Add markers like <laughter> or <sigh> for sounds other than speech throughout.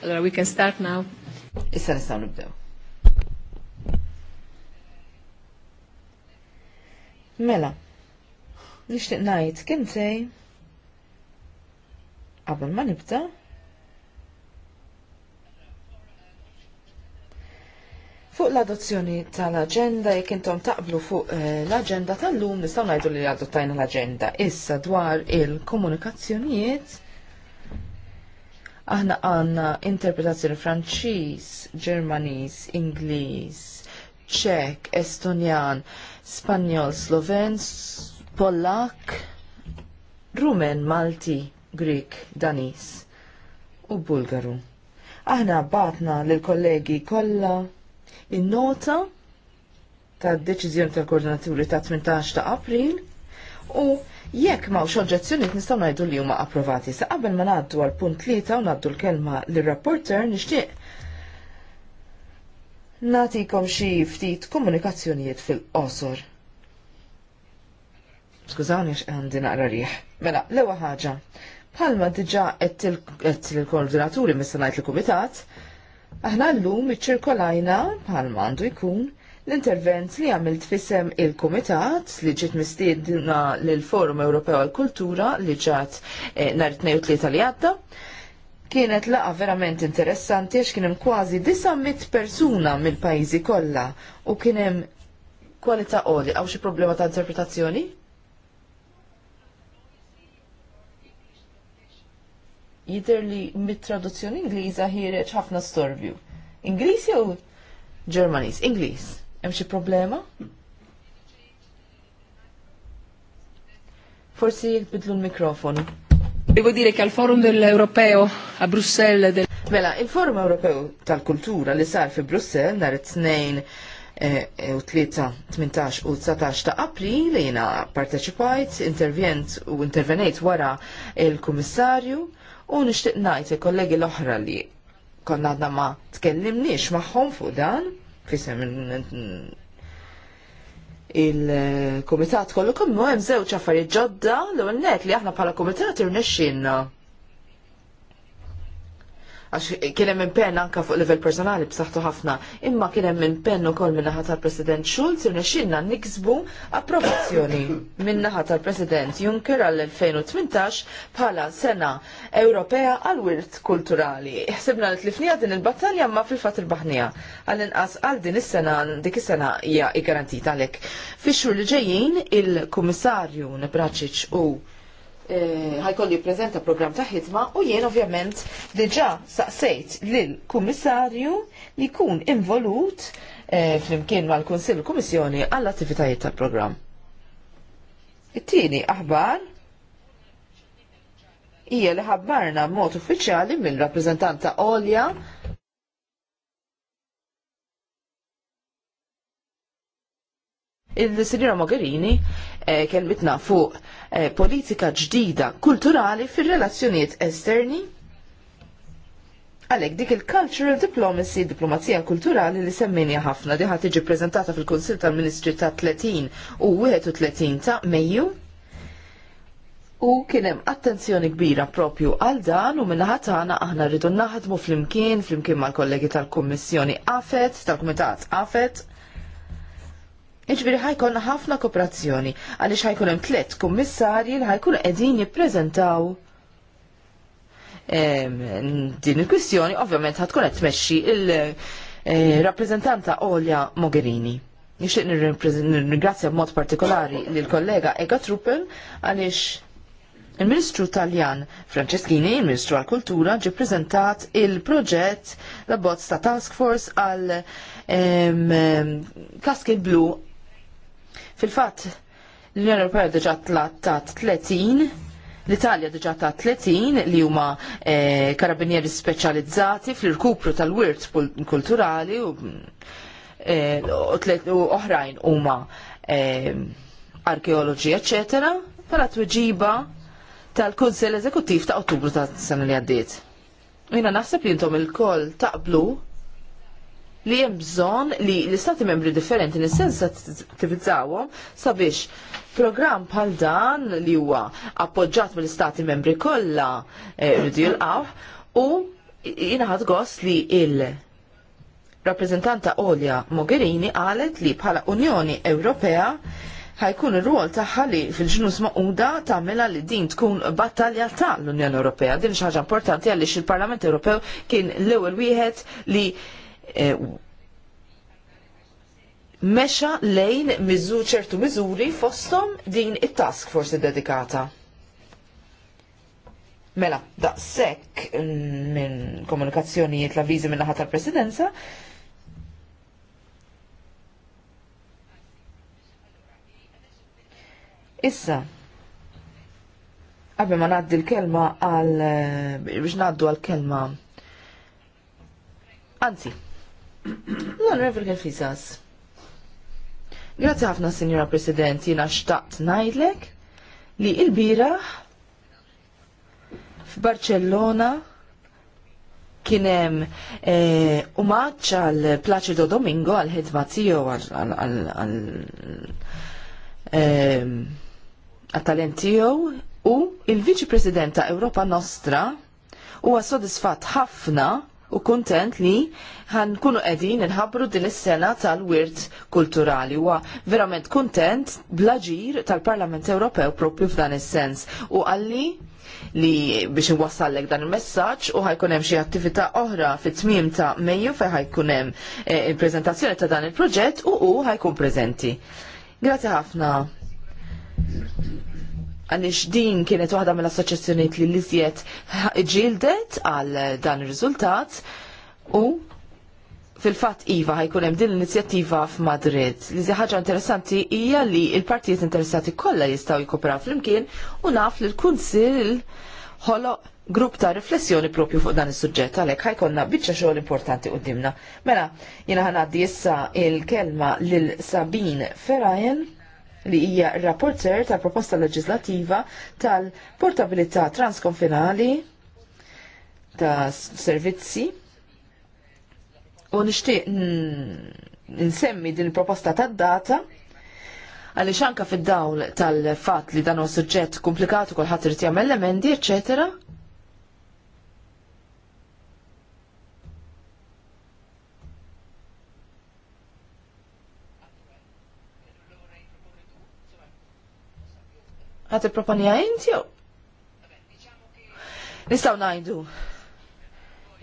Allora, we can start now. Issa nistaw nibdew. Mela, nishtiq najt, kim sej? Qabel ma nibda? Fuq l-adozzjoni tal-agenda, jek intom taqblu fuq eh, l-agenda tal-lum, nistaw najdu li adottajna l-agenda. Issa dwar il-komunikazzjonijiet, Aħna għanna interpretazzjoni Franċiż, Ġermaniż, Ingliż, Ċek, Estonjan, Spanjol, Sloven, Pollak, Rumen, Malti, Grik, Danis u Bulgaru. Aħna batna lill-kollegi kollha in-nota tad deċiżjoni tal-koordinaturi ta' 18 ta' April u Jekk m'hawnx oġġezzjonijiet nistgħu ngħidu li huma approvati. Sa qabel ma ngħaddu għal punt tlieta u ngħaddu l-kelma lir-rapporter nixtieq nagħtikom xi ftit komunikazzjonijiet fil-qosor. Skużawni għax għandi naqra rieħ. Mela, l-ewwel ħaġa. Bħalma diġà qed il-koordinaturi mis-sanajt il-kumitat, aħna llum iċ-ċirkolajna bħalma għandu jkun L-intervent li għamilt fissem il-Kumitat li ġiet mistiedna l-Forum Ewropew għal-Kultura li ġat eh, nar 23 tnejn u tlieta li għadda kienet laqa verament interessanti għax kienem kważi 900 persuna mill-pajjiżi kollha u kienem kwalità għoli għaw xi problema ta' interpretazzjoni? Jider li mit-traduzzjoni Ingliża ħireġ ħafna storvju. Ingliż jew Ġermaniż? Ingliż. Hemm xi problema? Forsi jibidlu l-mikrofonu. Devo dire che al Forum dell'Europeo a Bruxelles del... Mela, il-Forum Ewropew tal-Kultura li sar fi Brussell nhar it-tnejn eh, u tlieta 18 u 19 ta' Apri li jiena parteċipajt, intervjent u intervenejt wara il-Kummissarju u nixtieq ngħid il-kollegi l-oħra li konna għadna ma tkellimniex magħhom fuq dan fisem il-komitat kollu kommu hemm żewġ affarijiet ġodda l net li aħna bħala komitat irnexxinna għax kien hemm impenn anke fuq livell personali b'saħħtu ħafna, imma kien hemm impenn ukoll min-naħa tal-President Schulz u nexxinna niksbu approvazzjoni <coughs> min-naħa tal-President Juncker għall-2018 bħala sena Ewropea għal wirt kulturali. Iħsibna li tlifnija din il-battalja ma fil-fatt il-baħnija għall-inqas għal din is-sena dik is-sena hija garantita għalhekk. Fix-xhur li ġejjin il-Kummissarju Nebraċiċ u Eh, ħajkolli e, jippreżenta programm ta' ħidma u jien ovvjament diġa saqsejt lill-kummissarju li jkun involut e, flimkien mal kunsill Kummissjoni għall-attivitajiet tal-programm. It-tieni aħbar hija li ħabbarna b'mod uffiċjali mill-rappreżentanta Olja il-Sinjora Mogherini eh, kelmitna fuq eh, politika ġdida kulturali fir-relazzjonijiet esterni Għalek, dik il-cultural diplomacy, diplomazija kulturali li semmini ħafna, diħa tiġi prezentata fil-Konsil tal-Ministri ta' 30 u 31 ta' Mejju. U kienem attenzjoni kbira propju għal dan u minna ħatana aħna rridu naħdmu fl-imkien, fl-imkien mal-kollegi tal-Kommissjoni AFET, tal-Komitat AFET, Iġbiri ħajkon ħafna kooperazzjoni għaliex ħajkun hemm tliet kummissarji li ħajkunu qegħdin jiprezentaw. din il-kwistjoni ovvjament ħatkun qed tmexxi il-rappreżentanta eh, Olja Mogherini. Nixtieq nirringrazzja b'mod partikolari lill kollega Ega Truppel għaliex Il-Ministru Taljan Franceschini, il-Ministru għal-Kultura, ġi prezentat il-proġett la bozz ta' Task Force għal Kaskil Blu Fil-fatt, l-Unjoni Ewropea diġà ta' 30 L-Italja diġà ta' 30 li huma eh, karabinieri speċjalizzati fl-irkupru tal-wirt kulturali eh, u oħrajn huma eh, arkeoloġi, eccetera, pala tweġiba tal-Kunsell Eżekuttiv ta' Ottubru ta' sena li għaddiet. Jina naħseb li intom il-koll taqblu li hemm bżonn li l-istati membri differenti nissensattivizzawhom sabiex programm bħal dan li huwa appoġġat mill-istati membri kollha eh, rridu jilqgħu u jingħad gost li il rappreżentanta Olja Mogherini qalet li bħala Unjoni Ewropea ħajkun ir-rwol tagħha li fil-ġnus maquda tagħmilha li din tkun battalja tal-Unjoni Ewropea. Din xi ħaġa importanti għaliex il-Parlament Ewropew kien l-ewwel wieħed li E, Mesha lejn miżu ċertu miżuri fostom din it-task forsi dedikata. Mela, sekk minn komunikazzjonijiet la vizi minn ħatar tal-presidenza, Issa, qabel ma naddi l-kelma għal, biex naddu għal-kelma, anzi, L-Onorevoli Fisas. Grazie ħafna, Signora President, jina xtaqt najdlek li il-bira f'Barcellona kienem eh, umaċ għal Placido Domingo għal ħedma tiegħu ehm, għal talent tiegħu u il-Viċi President ta' Europa Nostra huwa sodisfatt ħafna u kontent li ħan kunu edin nħabru din is-sena tal-wirt kulturali. Wa verament kontent blaġir tal-Parlament Ewropew propju f'dan is-sens. U għalli li biex nwassallek dan il-messaġġ u ħajkun hemm xi attività oħra fit-tmiem ta' Mejju fejn ħajkun hemm e, il-preżentazzjoni ta' dan il-proġett u hu ħajkun preżenti. Grazzi ħafna għaliex din kienet waħda mill-assoċjazzjonijiet li l-iżjed ġildet għal dan ir-riżultat u fil-fatt Iva ħajkun hemm din l-inizjattiva f'Madrid. Li xi ħaġa interessanti hija li l-partijiet interessati kollha jistgħu jkopraw flimkien u naf li l-Kunsill ħolo grupp ta' riflessjoni propju fuq dan is-suġġett għalhekk ħajkonna biċċa xogħol importanti qudiemna. Mela, jiena ħanaddi issa il-kelma lil Sabin Ferajen li hija rapporter tal proposta leġislativa tal-portabilità transkonfinali ta' servizzi u nixtieq nsemmi din il-proposta tad-data għaliex anke fid-dawl tal-fatt li dan huwa suġġett komplikatu u kulħadd irid jagħmel emendi, eċċetera Għat il-propani għajnt, jo? Nistaw najdu.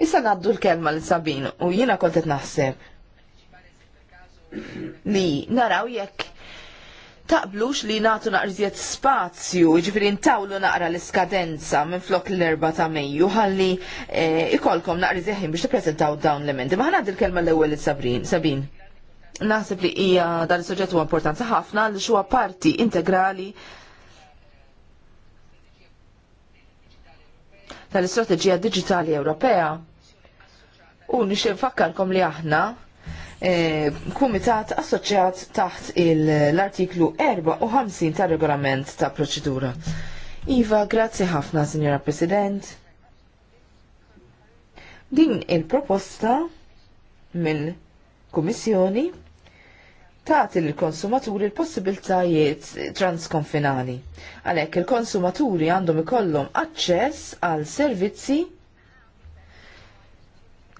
Issa naddu l-kelma l sabin u jina kontet naħseb li naraw jekk taqblux li natu naqrżiet spazju, ġifiri ntawlu naqra l-iskadenza minn flok l-erba ta' Mejju, ħalli eh, ikolkom naqrżieħin biex t-prezentaw dawn l-emendi. Maħna ħanad il-kelma l-ewwel l Sabin. Naħseb li hija dan is-suġġett huwa importanza ħafna li huwa parti integrali tal-Istrateġija Digitali Ewropea. U nix infakkarkom li aħna e, kumitat assoċjat taħt l-artiklu 54 tal-regolament ta' proċedura. Iva, grazzi ħafna, Signora President. Din il-proposta mill-Kummissjoni tagħti lill konsumaturi l-possibiltajiet transkonfinali. Għalhekk il-konsumaturi għandhom ikollhom aċċess għal servizzi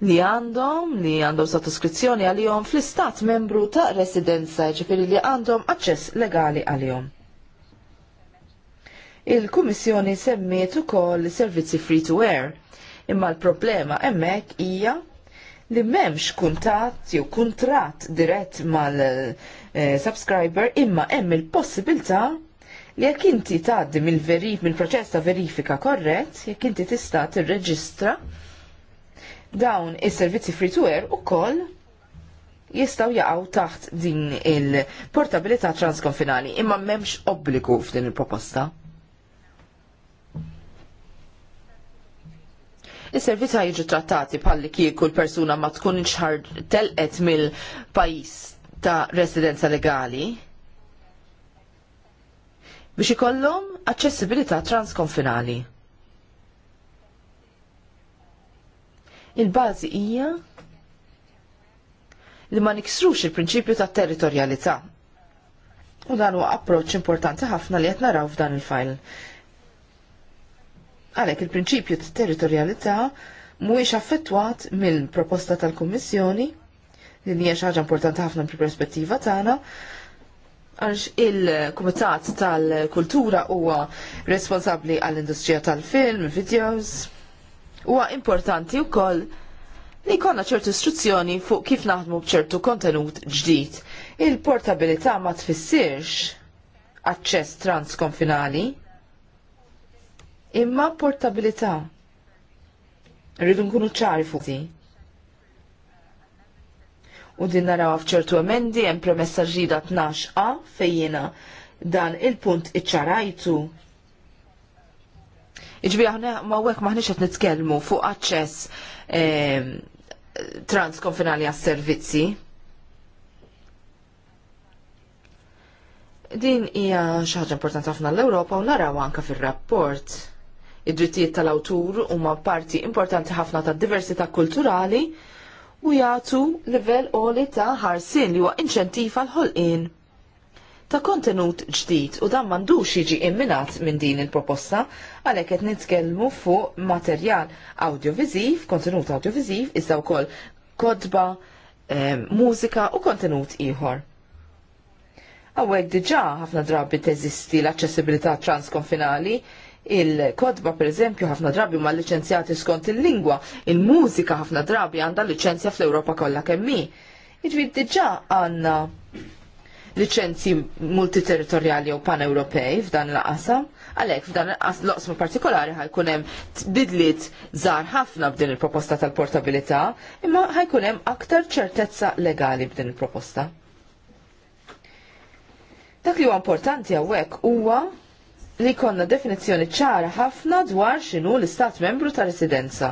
li għandhom, li għandhom sottoskrizzjoni għalihom fl-istat membru ta' residenza, ġifiri li għandhom aċċess legali għalihom. Il-Kummissjoni semmiet ukoll servizzi free to air, imma l-problema hemmhekk hija li memx kuntat jew kuntrat dirett mal-subscriber eh, imma hemm il-possibilità li jekk inti tgħaddi mill-verif mill-proċess ta' verifika korrett, jekk inti tista' tirreġistra dawn is-servizzi free to air ukoll jistgħu jaqgħu taħt din il-portabilità transkonfinali imma m'hemmx obbligu f'din il-proposta. is servizzi jiġu trattati palli kieku l-persuna ma tkun inxħar telqet mill-pajis ta' residenza legali biex ikollhom aċċessibilità transkonfinali. Il-bażi hija li ma niksrux il-prinċipju ta' territorjalità. U dan huwa approċċ importanti ħafna li qed naraw f'dan il file Għalhekk il-prinċipju ta' territorjalità mhuwiex affettwat mill-proposta tal-Kummissjoni li hija xi ħaġa importanti ħafna mill-perspettiva tagħna għax il-Kumitat tal-Kultura huwa responsabbli għall-industrija tal-film, videos. Huwa importanti wkoll li konna ċertu istruzzjoni fuq kif naħdmu bċertu kontenut ġdid. Il-portabilità ma tfissirx aċċess transkonfinali, Imma portabilità. Rridu nkunu ċari fuq di. U din naraw f'ċertu emendi hemm premessa ġdida 12a fejjina dan il-punt iċċarajtu Iġbi aħna ma wek maħniċ qed nitkellmu fuq aċċess ehm, transkonfinali għas servizzi. Din hija xi ħaġa importanti ħafna l-Ewropa u naraw anke fir-rapport. Id-drittijiet tal-awtur huma parti importanti ħafna tad diversità kulturali u jagħtu livell għoli ta' ħarsin li huwa inċentiv għal ħolqien ta' kontenut ġdid u dan m'għandux jiġi imminat minn din il-proposta għalhekk qed nitkellmu fuq materjal audiovisiv, kontenut audiovisiv, iżda wkoll kodba, eh, mużika u kontenut ieħor. Għawek diġa ħafna drabi teżisti l-aċċessibilità transkonfinali Il-kodba per eżempju ħafna drabi ma licenzjati skont il-lingwa, il-mużika ħafna drabi għandha licenzja fl-Ewropa kollha kemmi. Iġvid diġà għandna licenzi multiterritorjali u pan-Ewropej f'dan l-qasam għalek f'dan l-qasma partikolari ħajkun hemm bidliet żgħar ħafna b'din il-proposta tal-portabilità, imma ħajkun hemm aktar ċertezza legali b'din il-proposta. Dak li huwa importanti hawnhekk huwa li konna definizjoni ċara ħafna dwar xinu l-istat membru ta' residenza.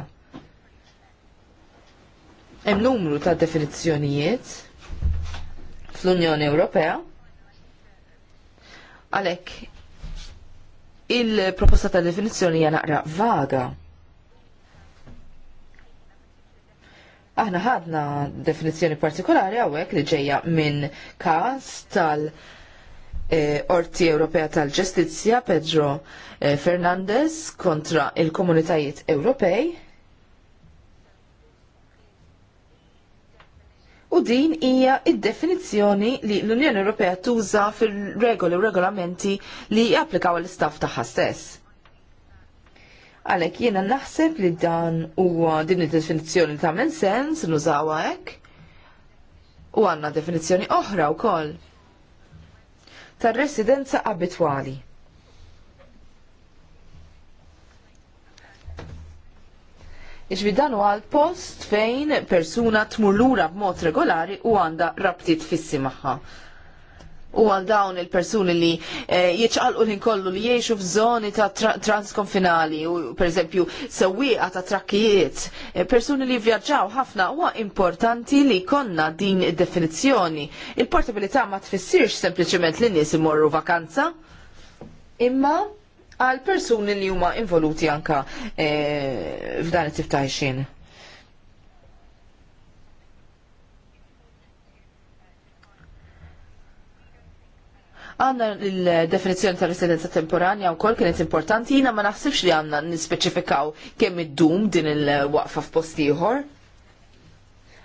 Hemm numru ta' definizzjonijiet fl-Unjoni Ewropea. Għalhekk il-proposta ta' definizzjoni hija naqra vaga. Aħna ħadna definizzjoni partikolari hawnhekk li ġejja minn każ tal- E, Orti Ewropea tal-Ġustizzja Pedro e, Fernandez kontra il-Komunitajiet Ewropej. U din hija id-definizzjoni li l-Unjoni Ewropea tuża fil-regoli u regolamenti li japplikaw l-istaff tagħha stess. Għalhekk jiena naħseb li dan huwa din id-definizzjoni ta' men sens nużawha hekk u għandna definizzjoni oħra wkoll tar-residenza abitwali. Iġbi dan huwa l-post fejn persuna tmur lura b'mod regolari u għandha rabtiet fissi magħha u għal dawn il-persuni li eh, jieċqalqu l kollu li jiexu f'żoni ta' transkonfinali u per eżempju sewwieqa ta' trakkijiet, eh, persuni li vjaġġaw ħafna huwa importanti li konna din id-definizzjoni. Il-portabilità ma tfissirx sempliċement li nies imorru vakanza, imma għal persuni li huma involuti anka eh, f'dan it-tiftajxin. Għanna il-definizjoni ta' residenza temporanja u kol kienet importanti, jina ma naħsibx li għanna nispeċifikaw kemm id-dum din il-waqfa f'postiħor.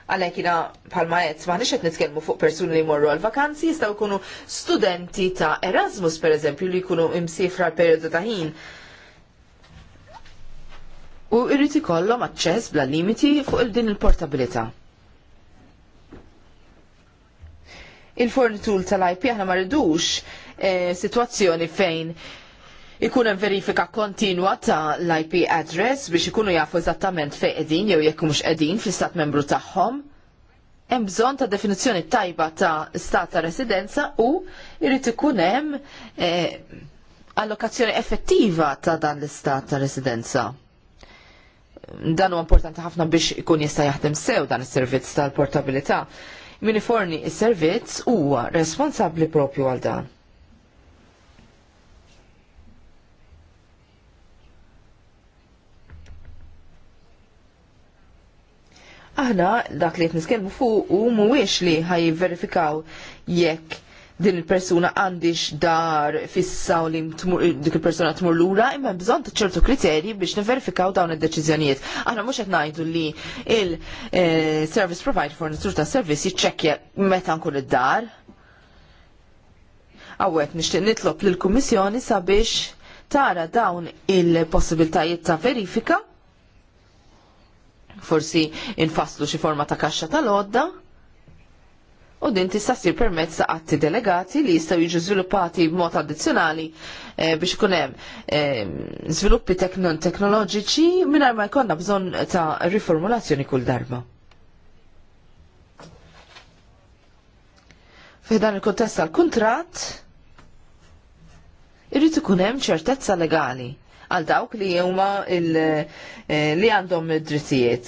Għalek jina palma għet ma nixet nitkelmu fuq persuni li morru għal-vakanzi, jistaw kunu studenti ta' Erasmus per eżempju li kunu imsifra periodu ta' ħin. U irriti ikollhom aċċess bla limiti fuq il-din il-portabilita' il-fornitur tal-IP aħna ma rridux eh, situazzjoni fejn ikun hemm verifika kontinwa ta' l-IP address biex ikunu jafu eżattament fejn qegħdin jew jekk mhux qegħdin fl-istat membru tagħhom. Hemm bżonn ta' definizzjoni tajba ta' stat ta' residenza u jrid ikun hemm eh, allokazzjoni effettiva ta' dan l-istat ta' residenza dan huwa importanti ħafna biex ikun jista' jaħdem sew dan is-servizz tal-portabilità miniforni iforni s-servizz huwa responsabbli propju għal dan. aħna dak li jtniskelmu fuq u mhuwiex li ħaj verifikaw jekk din il-persuna għandix dar fissa u li dik il-persuna tmur lura, imma bżon ċertu kriterji biex niverifikaw dawn id-deċiżjonijiet. Aħna mhux qed ngħidu li il-service eh, provider fornitur ta' servizz jitċekja meta nkun id-dar. Għawet nixtieq nitlob lill-Kummissjoni sabiex tara dawn il-possibiltajiet ta' verifika forsi infaslu xi forma ta' kaxxa tal odda u din tista' ssir permezz ta' atti delegati li jistgħu jiġu żviluppati b'mod addizzjonali eh, biex ikun hemm eh, żviluppi teknoloġiċi mingħajr ma jkollna bżonn ta' riformulazzjoni kull darba. F'dan il-kontest tal-kuntratt irrid ikun hemm ċertezza legali għal dawk li huma eh, li għandhom id-drittijiet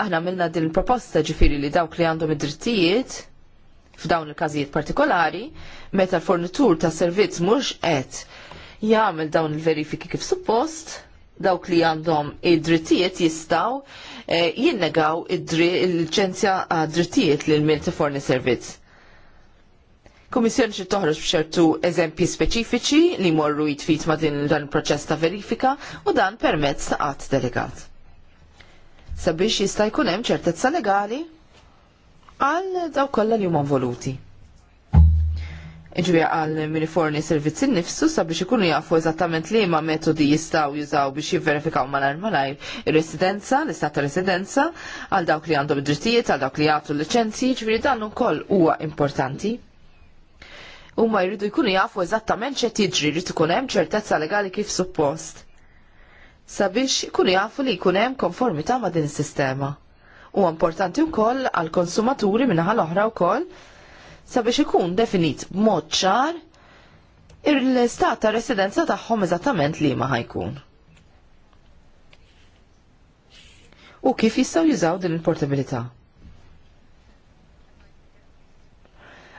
Aħna milna din proposta ġifiri li dawk li għandhom id-drittijiet f'dawn il-każijiet partikolari meta l-fornitur ta' servizz mhux qed jagħmel dawn il-verifiki kif suppost, dawk li għandhom id-drittijiet jistaw eh, jinnegaw il-ċenzja għad-drittijiet li l-milti forni servizz. Komissjoni xi toħroġ b'ċertu eżempji speċifiċi li morru jitfit ma' din dan il-proċess ta' verifika u dan permezz ta' qatt delegat sabiex jista' jkun hemm ċertezza legali għal daw kollha li huma voluti. Iġbi għal miniforni servizzi nifsu sabiex ikunu jafu eżattament li ma metodi jistaw jużaw biex jivverifikaw malar malajr il-residenza, l-istat ta' residenza, għal dawk li għandhom id-drittijiet, għal dawk li għatu l-licenzi, ġviri dan ukoll huwa importanti. ma jridu jkunu jafu eżattament ċet jiġri, jrid ikun hemm ċertezza legali kif suppost sabiex ikunu jafu li jkun hemm konformità ma' din is-sistema. U importanti wkoll għall konsumaturi minnaħa l-oħra wkoll sabiex ikun definit b'mod ċar il-stat ta' residenza tagħhom eżattament li ma ħajkun. U kif jistgħu jużaw din il-portabilità?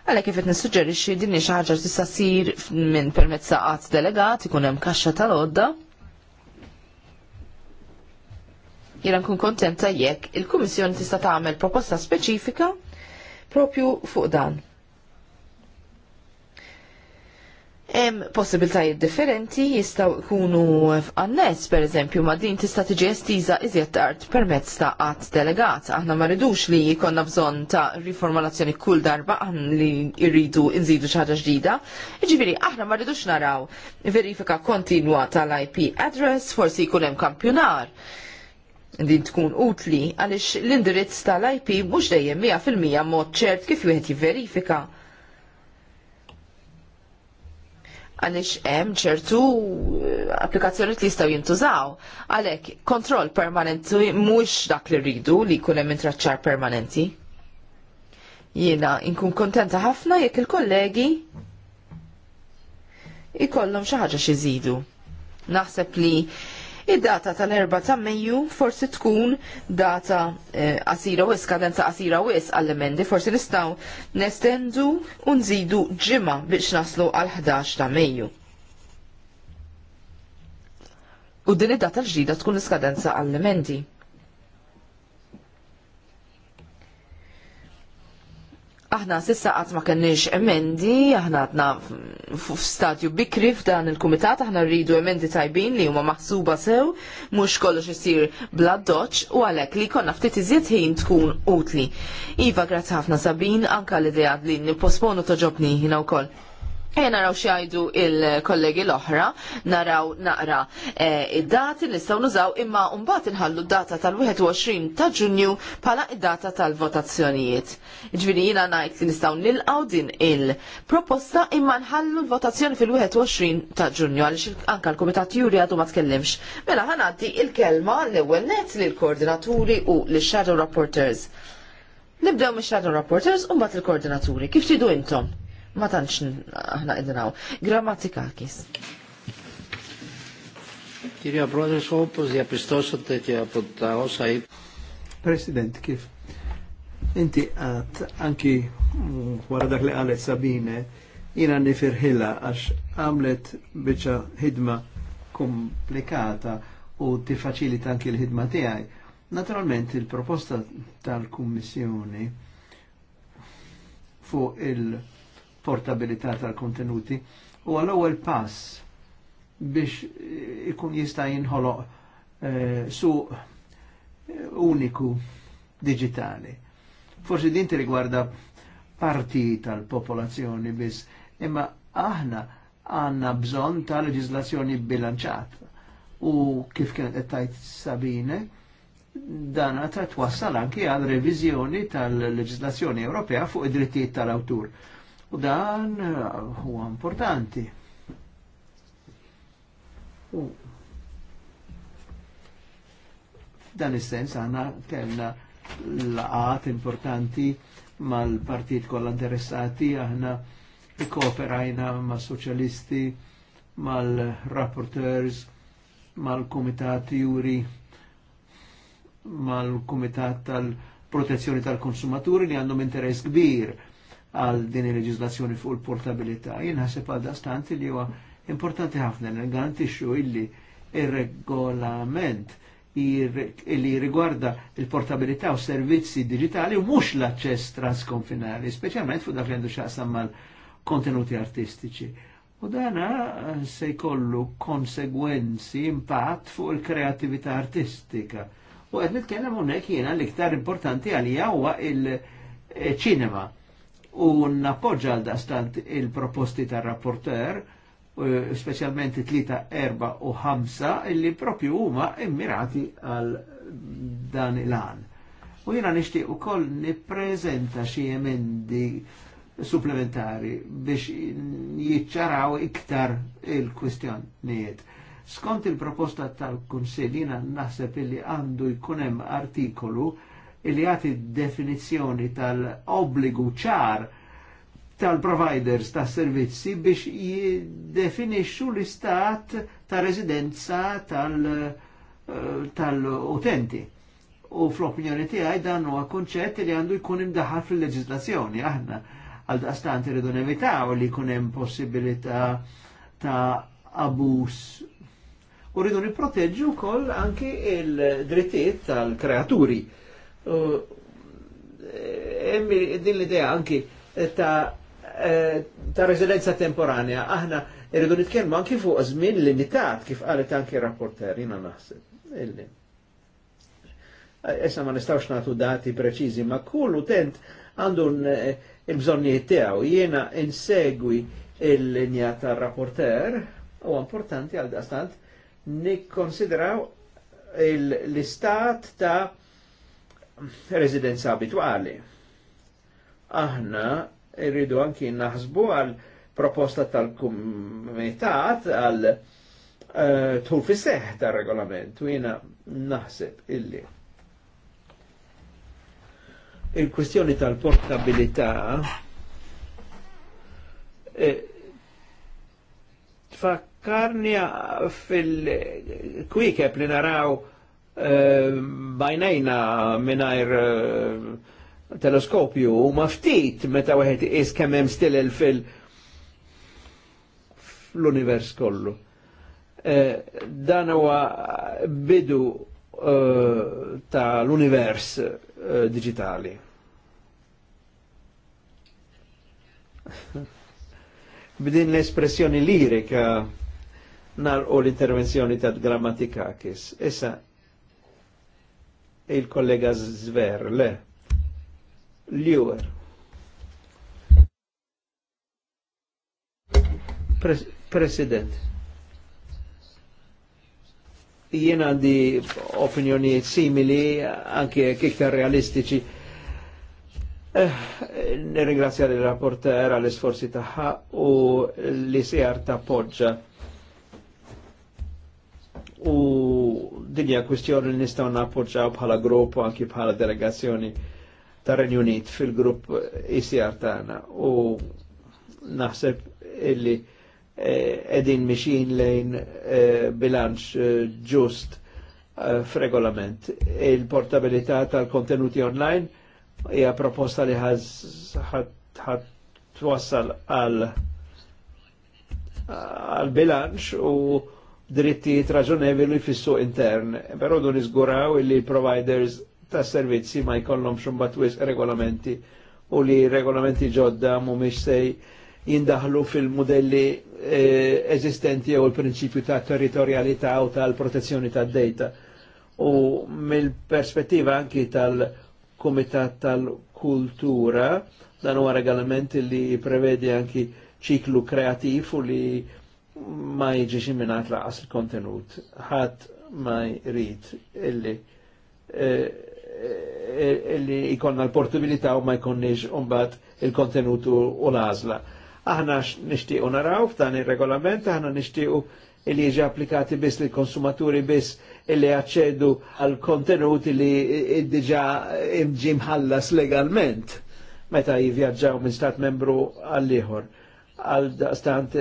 Għalek kif nissuġġerixxi din xi ħaġa tista' ssir minn permezz saqat delegat ikun hemm kaxxa tal-għodda Jiena nkun kontenta jekk il-Kummissjoni tista' tagħmel proposta speċifika propju fuq dan. Hemm possibiltajiet differenti jistgħu jkunu f'annes pereżempju ma' din tista' tiġi estiża iżjed tard permezz ta' qatt delegat. Aħna ma ridux li jkollna bżonn ta' riformulazzjoni kull darba li rridu nżidu xi ħaġa ġdida. Jiġifieri aħna ma ridux naraw verifika kontinwa tal-IP address, forsi jkun hemm kampjunar li tkun utli għaliex l-indirizz tal-IP mhux dejjem 100% mod ċert kif wieħed jivverifika. għalix hemm ċertu eh, applikazzjoni li jistgħu jintużaw. Għalhekk kontroll permanenti mhux dak li rridu li jkun hemm intraċċar permanenti. Jiena inkun kontenta ħafna jekk il-kollegi ikollhom xi ħaġa xi żidu. Naħseb li Id-data tal-4 ta' Mejju forsi tkun data qasira eh, wis, kadenza qasira wis għall-emendi, forsi nistaw nestendu u nżidu ġimma biex naslu għal-11 ta' Mejju. U din id-data l-ġdida tkun l skadenza għall-emendi. Aħna sissa qatt ma kenniex emendi, aħna għatna f'stadju bikri f'dan il-kumitat, aħna rridu emendi tajbin li huma maħsuba sew, mhux kollox isir bla doċ u għalhekk li konna ftit iżjed ħin tkun utli. Iva grazzi ħafna Sabin anka l-idea li nipposponu toġobni ħina wkoll. E naraw xajdu il-kollegi l-oħra, naraw naqra eh, id-dati nistaw nużaw imma umbat inħallu data tal-21 ta' ġunju pala id-data tal-votazzjonijiet. Ġvini jina najt li nistaw nil-għaw din il-proposta imma nħallu l-votazzjoni fil-21 ta' ġunju għalix anka l-Komitat Juri għadu ma tkellimx. Mela ħanaddi il-kelma l-ewel net l-koordinaturi u l-Shadow Rapporters. Nibdew mis-Shadow Rapporters un bat il-koordinaturi. Kif tidu intom? ma tantx aħna idraw. Grammatika kis. Kirja Brothers Hopos japistosat et japotta osa President, kif? Inti għat anki wara dak li għalet Sabine, jina nifirħila għax għamlet bieċa ħidma komplikata u tifaċilita anki l-ħidma tiegħi. Naturalment il-proposta tal-Kummissjoni fuq il- -proposta portabilità tal-kontenuti u għal-ewwel pass biex ikun jista' jinħoloq eh, su eh, uniku digitali. Forsi din rigwarda parti tal-popolazzjoni biss, imma aħna għanna bżon ta' leġislazzjoni bilanċata. U kif kienet qed Sabine, dan ta' twassal anki għal reviżjoni tal-leġislazzjoni Ewropea fuq id-drittijiet tal-awtur. U dan eh, huwa importanti. U dan is-sens għana kellna laqat importanti mal-partit kollha interessati aħna ikkoperajna ma' soċjalisti, mal-rapporteurs, mal-kumitat juri, mal-kumitat tal-protezzjoni tal-konsumaturi li għandhom interess kbir għal din il-leġizlazzjoni fuq il-portabilità. Jien ħaseb għal dastant li huwa importanti ħafna li garantixxu illi ir-regolament li rigwarda il-portabilità u servizzi digitali u mhux l-aċċess transkonfinali, speċjalment fuq dak li għandu xaqsam mal-kontenuti artistiċi. U dana eh, se jkollu konsegwenzi impatt fuq il-kreatività artistika. U qed nitkellem hawnhekk jiena l-iktar importanti għalija huwa il-ċinema. Eh, u nappoġġa għal dastant il-proposti tar rapporter specialment 3, 4 u 5 illi propju huma immirati għal dan il-għan. U jina nishtiq u koll niprezenta xie emendi supplementari biex jitċaraw iktar il-kwistjonijiet. Skont il-proposta tal jina naħseb illi għandu jkunem artikolu illi għati definizjoni tal-obbligu ċar tal-providers ta' servizzi biex jiddefinixxu l-istat ta' residenza eh, tal-utenti. Tal u fl-opinjoni tiegħi dan huwa konċett li għandu jkun imdaħħal fil-leġislazzjoni aħna għal daqstant irridu nevitaw li jkun hemm possibilità ta' abus u rridu nipproteġġu wkoll anki il-drittijiet tal-kreaturi. Eh, emmi din l-idea anki ta' eh, ta' residenza temporanea. aħna irridu nitkellmu anki fuq żmien limitat kif qalet anki rapporter, jiena naħseb. Issa ma nistgħux nagħtu dati preċiżi, ma kull utent għandu eh, l bżonnijiet tiegħu. Jiena insegwi l linja tar-rapporter u importanti għal dastant nikkonsidraw l-istat ta' residenza abitwali. Aħna irridu anki naħsbu għal proposta tal-kumitat għal uh, tul fisseħ tal-regolament u jina naħseb illi. Il-kwestjoni tal-portabilità eh, tfakkarni fil-kwikeb li naraw Eh, bajnajna minnajr eh, teleskopju u maftit meta wieħed is kemm hemm stilel fil l-univers kollu. Eh, dan huwa bidu ta' l-univers digitali. <laughs> Bidin l-espressjoni lirika narqu l-intervenzjoni ta' grammatikakis. Issa, il-kollega Zver, le. Liwer. Pres President. Jiena għandi opinjoni simili, anke kiktar realistiċi. Eh, Nirringrazzja l-rapporter għall esforzi taħħa u li sejar ta' poġġa dinja kwestjoni li nistgħu nappoġġaw bħala grupp u anki bħala delegazzjoni ta' renju Unit fil-grupp ICR e tagħna u naħseb illi edin eh, mixin lejn eh, bilanċ eh, ġust f'regolament. Il-portabilità tal-kontenuti online hija proposta li ħad twassal għal għal bilanċ u drittijiet raġonevoli fissu intern, però dun iżguraw li providers ta' servizzi ma jkollhom xumbat wis regolamenti u li regolamenti ġodda mhumiex sej jindaħlu fil-modelli eh, eżistenti u l prinċipju ta' territorialità u tal-protezzjoni ta' data U mill-perspettiva anki tal-Kumitat tal-Kultura, dan huwa regolamenti li prevedi anki ċiklu kreativ u li ma jiġix imminat laqas il-kontenut, ħadd ma jrid illi eh, eh, illi ikonna l portabilita u ma jkonniġ umbat il-kontenutu u l-azla. Aħna nishtiqu naraw f'dan il-regolament, aħna nishtiqu illi jiġi applikati biss li konsumaturi biss illi jaċċedu għal kontenuti li diġa imġim ħallas legalment meta jivjaġġaw minn stat membru għall-ieħor. Għal stant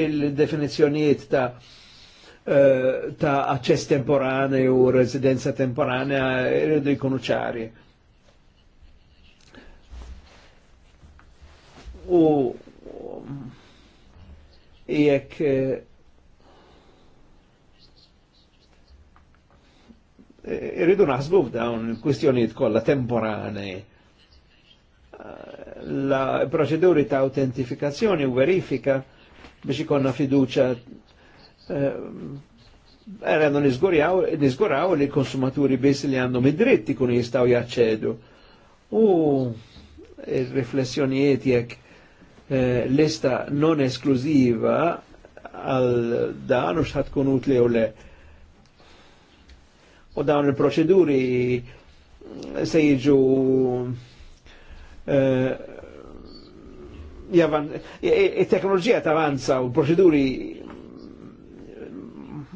il definizjoniet ta' eh, ta' aċċess temporane u residenza temporanea eh, irridu jkunu ċari. U jekk eh, irridu naħsbu f'dawn il-kwistjonijiet kollha temporane. La proċeduri ta' autentifikazzjoni u verifika biex ikonna fiduċa eh, eh, għandu nizguraw li konsumaturi biss li għandhom id-dritt ikunu jistaw jaċċedu. U il-riflessjonijiet jekk eh, lista non esklusiva għal dan u xħat kun utli u le. U dawn il-proċeduri se jiġu il teknologija ta' avanza u l-proċeduri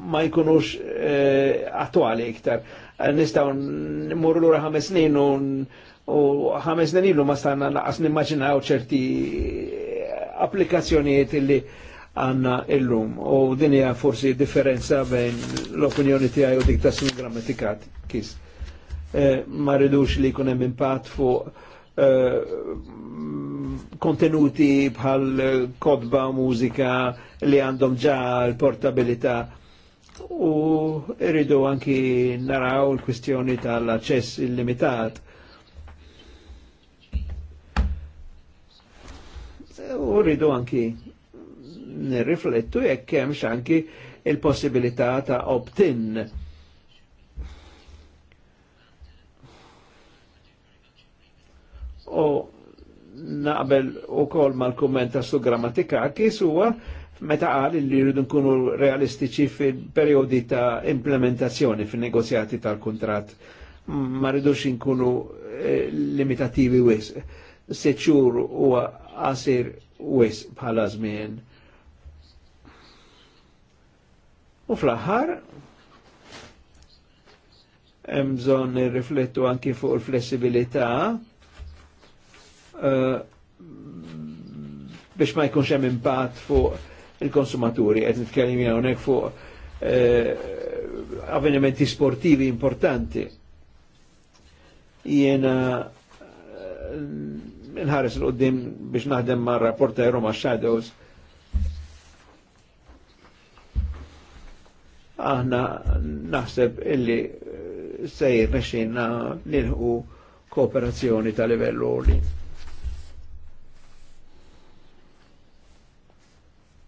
ma jkunux eh, attuali iktar. Nistaw n-murru l-ura ħames snin u ħames snin ilu ma stanna naqas nimmaġinaw ċerti applikazzjonijiet illi għanna illum u dinja forsi differenza bejn l-opinjoni tiegħi u dik ta' grammatikat kis. Eh, ma rridux li jkun hemm impatt fuq Eh, kontenuti bħal kodba, mużika li għandhom ġa l-portabilità u rridu anki naraw l-kwistjoni tal aċess illimitat. U rridu anki nirriflettu jekk hemmx anki il-possibilità ta' opt-in u naqbel u kol mal-komment ta' su grammatika kis huwa meta qal li rridu nkunu realistiċi fil-periodi ta' implementazzjoni fin-negozjati tal-kuntratt ma rridux inkunu eh, limitativi wis. Seċur u għasir wis bħala żmien. U fl-aħħar hemm bżonn nirriflettu anki fuq il-flessibilità Eh, biex ma jkunx hemm impatt fuq il-konsumaturi qed nitkellem hawnhekk fuq eh, avvenimenti sportivi importanti. Jiena eh, nħares l-qoddim biex naħdem ma' rapporta Roma Shadows. Aħna naħseb illi sejr nexxinna nilħu kooperazzjoni tal-livellu li.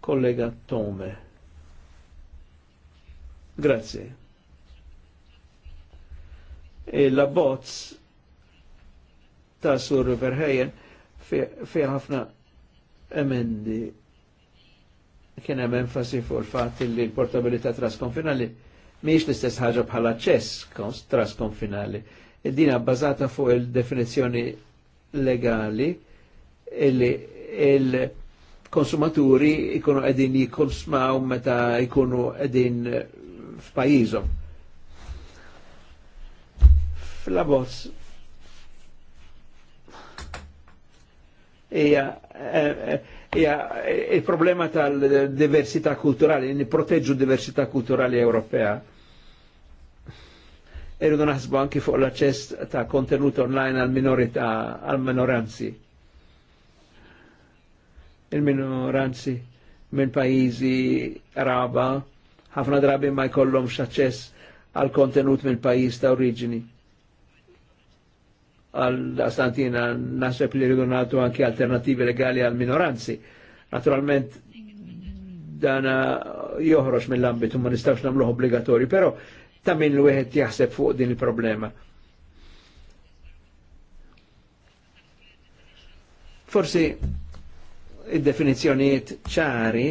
kollega Tome. Grazie. E la bozz ta' Sur Verheyen fi ħafna emendi kien hemm enfasi fuq il-fatt li l-portabilità trasconfinali mhijiex l-istess ħaġa bħala ċess trasconfinali. E dina bbażata fuq il-definizzjoni legali illi il-, il konsumaturi ikunu għedin jikonsmaw meta ikunu għedin f'pajizom. Flabos. Ija, eh, eh, ija, il-problema tal-diversità kulturali, niproteġu diversità kulturali Ewropea. Irridu naħsbu anki fuq l-aċċess ta' kontenut online għal-minoranzi il-minoranzi minn pajizi araba ħafna drabi ma jkollhom xaċċess għal kontenut minn pajjiż ta' oriġini. Għal astantina naħseb li rridu nagħtu anke alternativi legali għal minoranzi. Naturalment dana joħroġ mill-ambitu ma nistax nagħmluh obbligatorju, però ta' min l wieħed jaħseb fuq din il-problema. Forsi id-definizjoniet ċari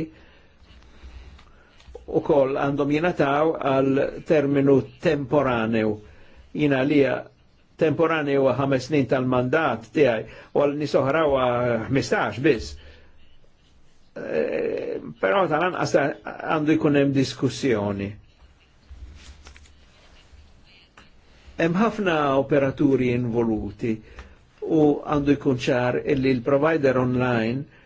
u koll għandhom jenataw għal terminu temporanew. Jina li temporanew ħames snin tal-mandat tijaj u għal nisoħraw 15 biss. E, Però tal-anqas għandu jkunem diskussjoni. Hemm ħafna operaturi involuti u għandu jkun ċar illi l-provider online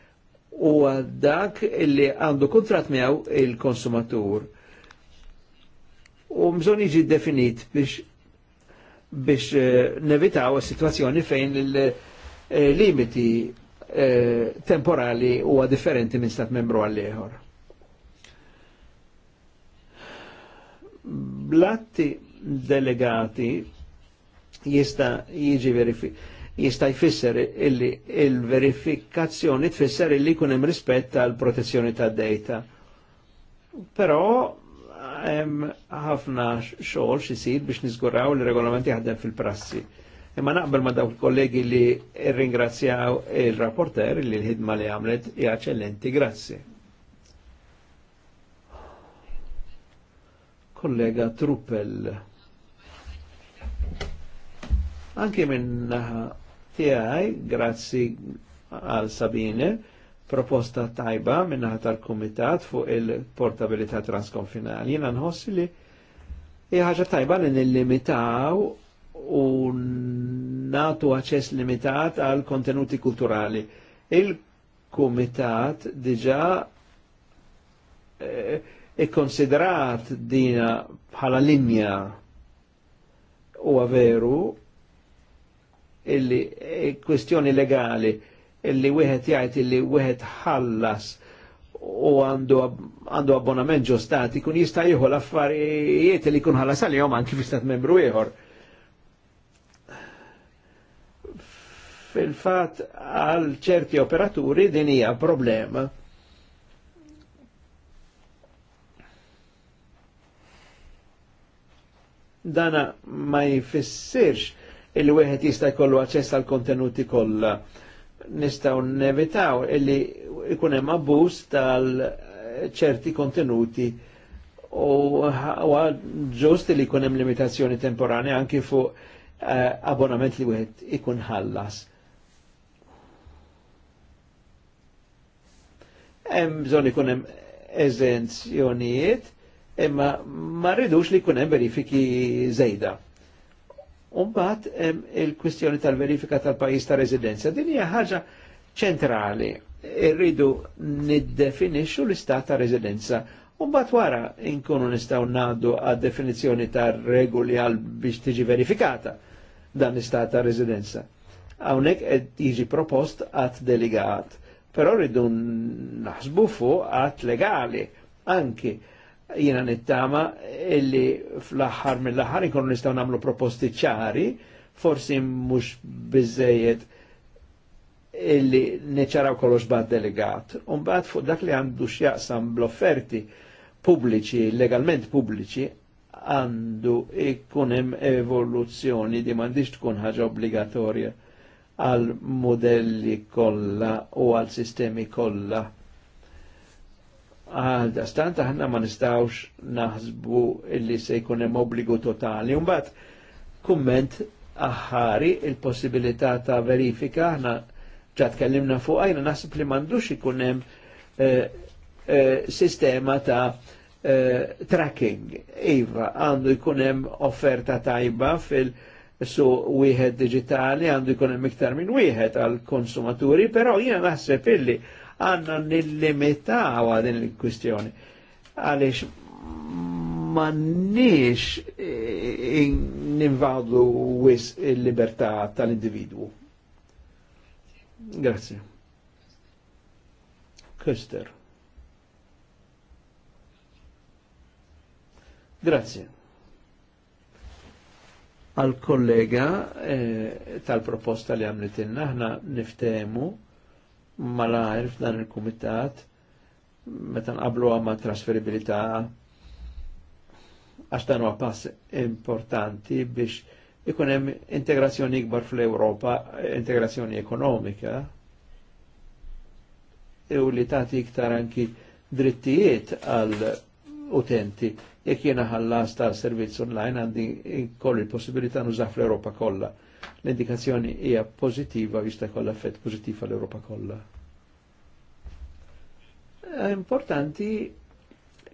u dak illi għandu kontrat miegħu il-konsumatur. U mżon jiġi definit biex biex eh, nevitaw situazzjoni fejn il-limiti eh, eh, temporali huwa differenti minn stat membru għall ieħor. Blatti delegati jista jiġi verifikat jista' jfisser illi il-verifikazzjoni tfisser illi jkun hemm rispett għal protezzjoni tad-data. Però hemm ħafna xogħol xisir biex niżguraw li regolamenti jaħdem fil-prassi. Imma naqbel ma dawk kollegi li ringrazzjaw il-rapporter li l-ħidma li għamlet hija eccellenti, grazzi. Kollega Truppel. Anki minn tiegħi, grazzi għal Sabine, proposta tajba minnaħa tal-Kumitat fuq il-portabilità transkonfinali. Jiena nħossi li hija ħaġa tajba li nillimitaw u natu aċċess limitat għal kontenuti kulturali. Il-Kumitat diġa eh, ikkonsiderat e dina bħala linja u veru illi e, kwestjoni legali illi wieħed jgħid illi wieħed ħallas u għandu abbonament ġo stati kun jista' jieħu l-affarijiet li kun ħallas għalihom anki fi stat membru ieħor. Fil-fatt għal ċerti operaturi din hija problema. Dana ma jfissirx illi wieħed jista' jkollu aċċess għal kontenuti kollha. Nistgħu nevitaw illi ikun hemm abbuż tal ċerti kontenuti u ġust li jkun hemm limitazzjoni temporanja anki fuq eh, abbonament li wieħed ikun ħallas. Hemm bżonn ikun hemm eżenzjonijiet, imma ma rridux li jkun hemm verifiki żejda. Umbat il-kwistjoni tal-verifika tal-pajis ta' residenza. Din hija ħaġa ċentrali. Irridu niddefinixxu l-istat ta' residenza. Umbat wara inkunu nistgħu ngħaddu għad definizzjoni ta' regoli għal biex tiġi verifikata dan l-istat ta' residenza. Hawnhekk qed jiġi propost għad delegat. Però rridu naħsbu fuq għad legali anki jina nittama illi fl axar mill axar ikonu nistaw namlu proposti ċari, forsi mux bizzejiet illi neċaraw kolox bad delegat. Umbagħad fuq dak li għandu x'jaqsam bl-offerti pubbliċi, legalment pubbliċi, għandu ikun evoluzzjoni di m'għandix tkun ħaġa obbligatorja għal modelli kolla u għal sistemi kolla. Għal dastant aħna ma nistawx naħsbu illi se jkun hemm obbligu totali. Mbagħad kumment aħħari il-possibilità ta' verifika aħna ġa tkellimna fuq għajna naħseb li m'għandux ikun hemm eh, eh, sistema ta' eh, tracking. Iva, għandu jkun hemm offerta tajba fil- su wieħed digitali għandu jkun hemm iktar minn wieħed għal konsumaturi, però jiena naħseb illi għanna nillimitaw għadin il-kwistjoni. Għalix mannix e, e, ninvadu wis il-libertà tal-individwu. Grazie. Kuster. Grazie. Al kollega eh, tal-proposta li għamlitinna, ħna niftemu malajr f'dan il-kumitat meta nqablu għamma trasferibilità għax dan pass importanti biex ikun hemm integrazzjoni ikbar fl-Ewropa, integrazzjoni ekonomika, e u li tagħti iktar anki drittijiet għal utenti jekk jiena ħallas tal servizz online għandi kollu il-possibilità nuża fl-Ewropa kollha l-indikazzjoni hija pożittiva u jista' jkollha effett pożittiv għall europa kollha. Importanti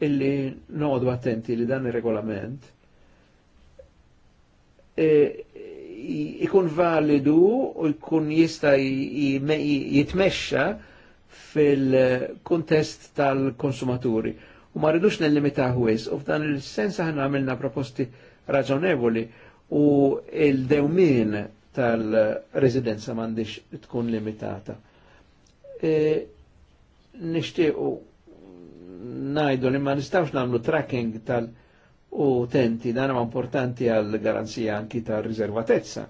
illi noqogħdu attenti li dan ir-regolament e, ikun validu u jkun jista' jitmexxa fil-kontest tal-konsumaturi. U ma rridux nellimitaħu is, u f'dan il-sens aħna għamilna proposti raġonevoli u il-dewmin tal-residenza mandiċ tkun limitata. E, u najdu li ma nistawx namlu tracking tal-utenti, dan ma importanti għal-garanzija anki tal-riservatezza.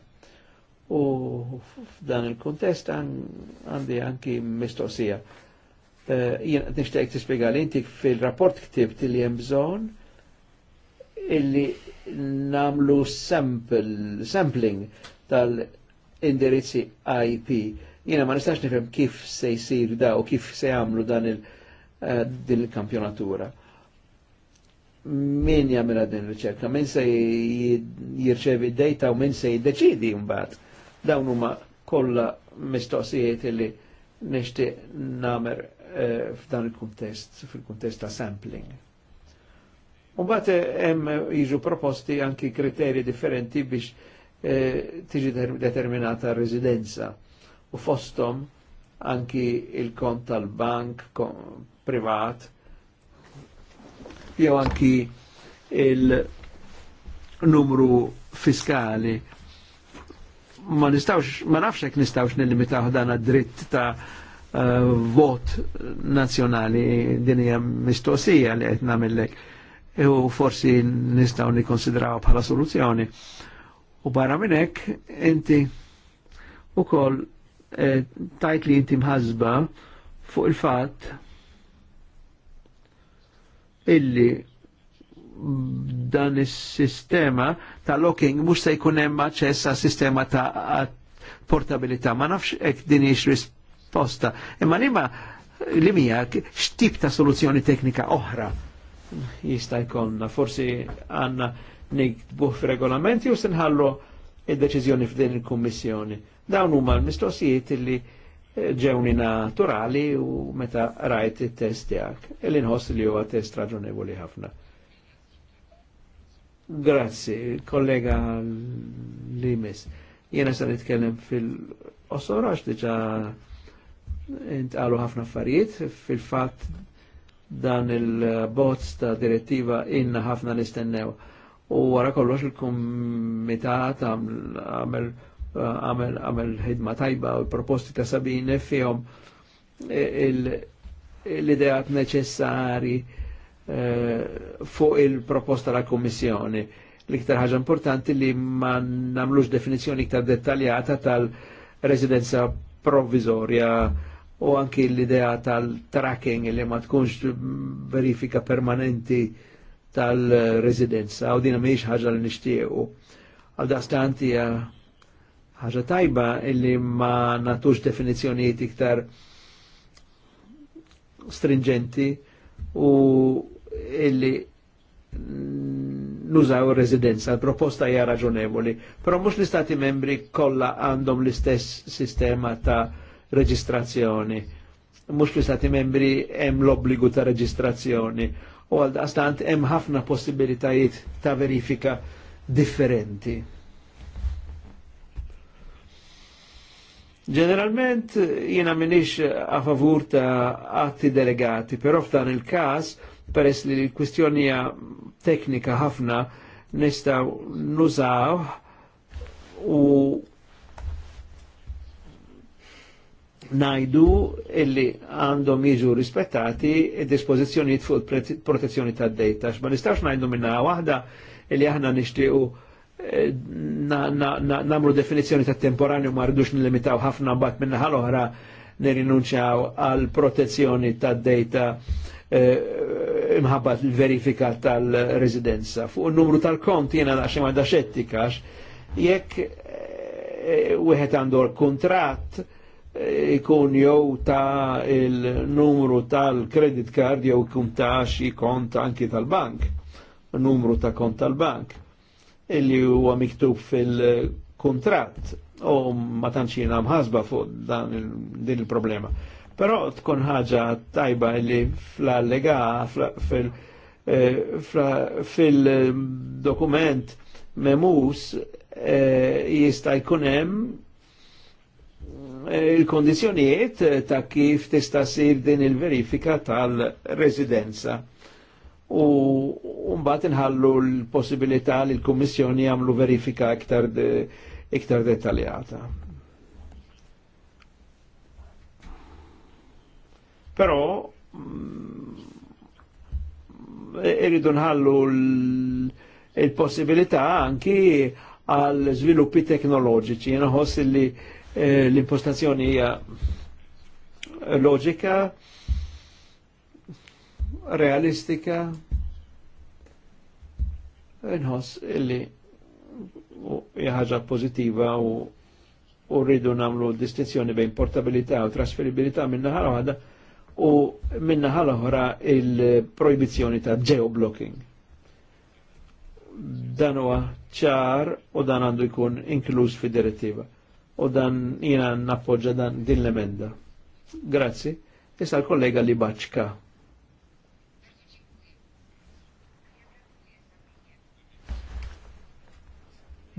U f'dan il-kontest għandi anki mistoqsija. E, Jien nishtiq t-spiegħal inti fil-rapport ktibt li jem bżonn illi namlu sample, sampling tal-indirizzi IP. Jina ma nistax nifhem kif se jisir da u kif se jagħmlu dan il- uh, din kampjonatura Min jagħmilha din riċerka, min se jirċevi data u min se jideċidi mbaħt? Dawn huma kollha mistoqsijiet li nixtieq namer uh, f'dan il-kuntest, fil-kuntest ta' sampling. U bat eh, hemm eh, jiġu proposti anki kriteri differenti biex eh, tiġi determinata residenza u fostom anki il-kont tal-bank privat jew anki il-numru fiskali ma nistawx, ma nafx jekk nistawx nillimitaw dan dritt ta' uh, vot nazjonali din hija mistoqsija li qed nagħmellek u forsi nistaw nikonsidraw bħala soluzzjoni. U barra minnek, inti u koll eh, tajt li inti mħazba fuq il-fat illi dan is-sistema ta' locking mhux se jkun hemm sistema ta' portabilità. Ma nafx hekk din hix risposta. Imma e li ma li mija x'tip ta' soluzzjoni teknika oħra jista' jkonna. Forsi għanna għandna nikdbuh regolamenti u senħallu il-deċizjoni f'din il kommissjoni Dawn huma l-mistoqsijiet li eh, ġewni naturali u meta rajt it-test tiegħek. Il-inħoss li huwa test raġunevoli ħafna. Grazzi, kollega Limis. Jena sa nitkellem fil-osorax diġa intqalu ħafna affarijiet fil-fatt dan il-bozz ta' direttiva inna ħafna nistennew. U wara kollox il-kumitat għamel ħidma tajba u proposti ta' Sabine fihom e, l-ideat neċessari e, fuq il-proposta la' Kommissjoni. L-iktar ħaġa importanti li ma namlux definizjoni iktar dettaljata tal-residenza provvizorja u anki l-idea tal-tracking li ma tkunx verifika permanenti tal-residenza u dina miex ħagġa li nishtiqu. Għal dastanti ħagġa tajba illi ma natux definizjoniet iktar stringenti u illi nużaw residenza, proposta hija raġonevoli, però mhux l-istati membri kolla għandhom l-istess sistema ta' reġistrazzjoni. Mhux fl Stati membri hemm l-obbligu ta' reġistrazzjoni u għal daqstant hemm ħafna possibilitajiet ta' verifika differenti. Ġeneralment jiena minix a favur ta' atti delegati, però f'dan il-każ peress li l-kwistjonija teknika ħafna nistaw nużaw u najdu illi għandhom jiġu rispettati dispożizzjonijiet fuq protezzjoni tad dejta ma nistax najdu minna waħda illi aħna nishtiqu eh, namru definizjoni ta' temporanju ma rridux nilimitaw ħafna bat minna ħal oħra nirinunċaw għal protezzjoni ta' data eh, imħabba l-verifika tal-residenza. Fuq il-numru tal-kont jena daċxie ma xettikax, jekk eh, wieħed għandu l kontrat ikun jew ta' il-numru tal-credit card jew ikun ta' xi kont anki tal-bank, numru ta' kont tal-bank, illi huwa miktub fil-kontratt u ma tantx jiena mħasba fuq dan din il-problema. Però tkun ħaġa tajba li fl-allega eh, fil-dokument memus eh, jista' jkun hemm il kondizjoniet ta' kif tista' sir din il-verifika tal-residenza. U mbagħad inħallu l-possibilità li l-Kummissjoni jagħmlu verifika iktar iktar dettaljata. Però mm, e-, irridu nħallu il-possibilità anki għal sviluppi teknoloġiċi. Jena ħoss li Eh, L-impostazzjoni hija eh, loġika, realistika, eh, nħoss illi ħaġa pozittiva u u rridu namlu distinzjoni bejn portabilità u trasferibilità minn ħala għada u minna ħala oħra il-proibizjoni ta' geoblocking. Dan huwa ċar u dan għandu jkun inkluż fid-direttiva u dan jina nappoġġa dan din l-emenda. Grazzi. Issa l-kollega li baċka.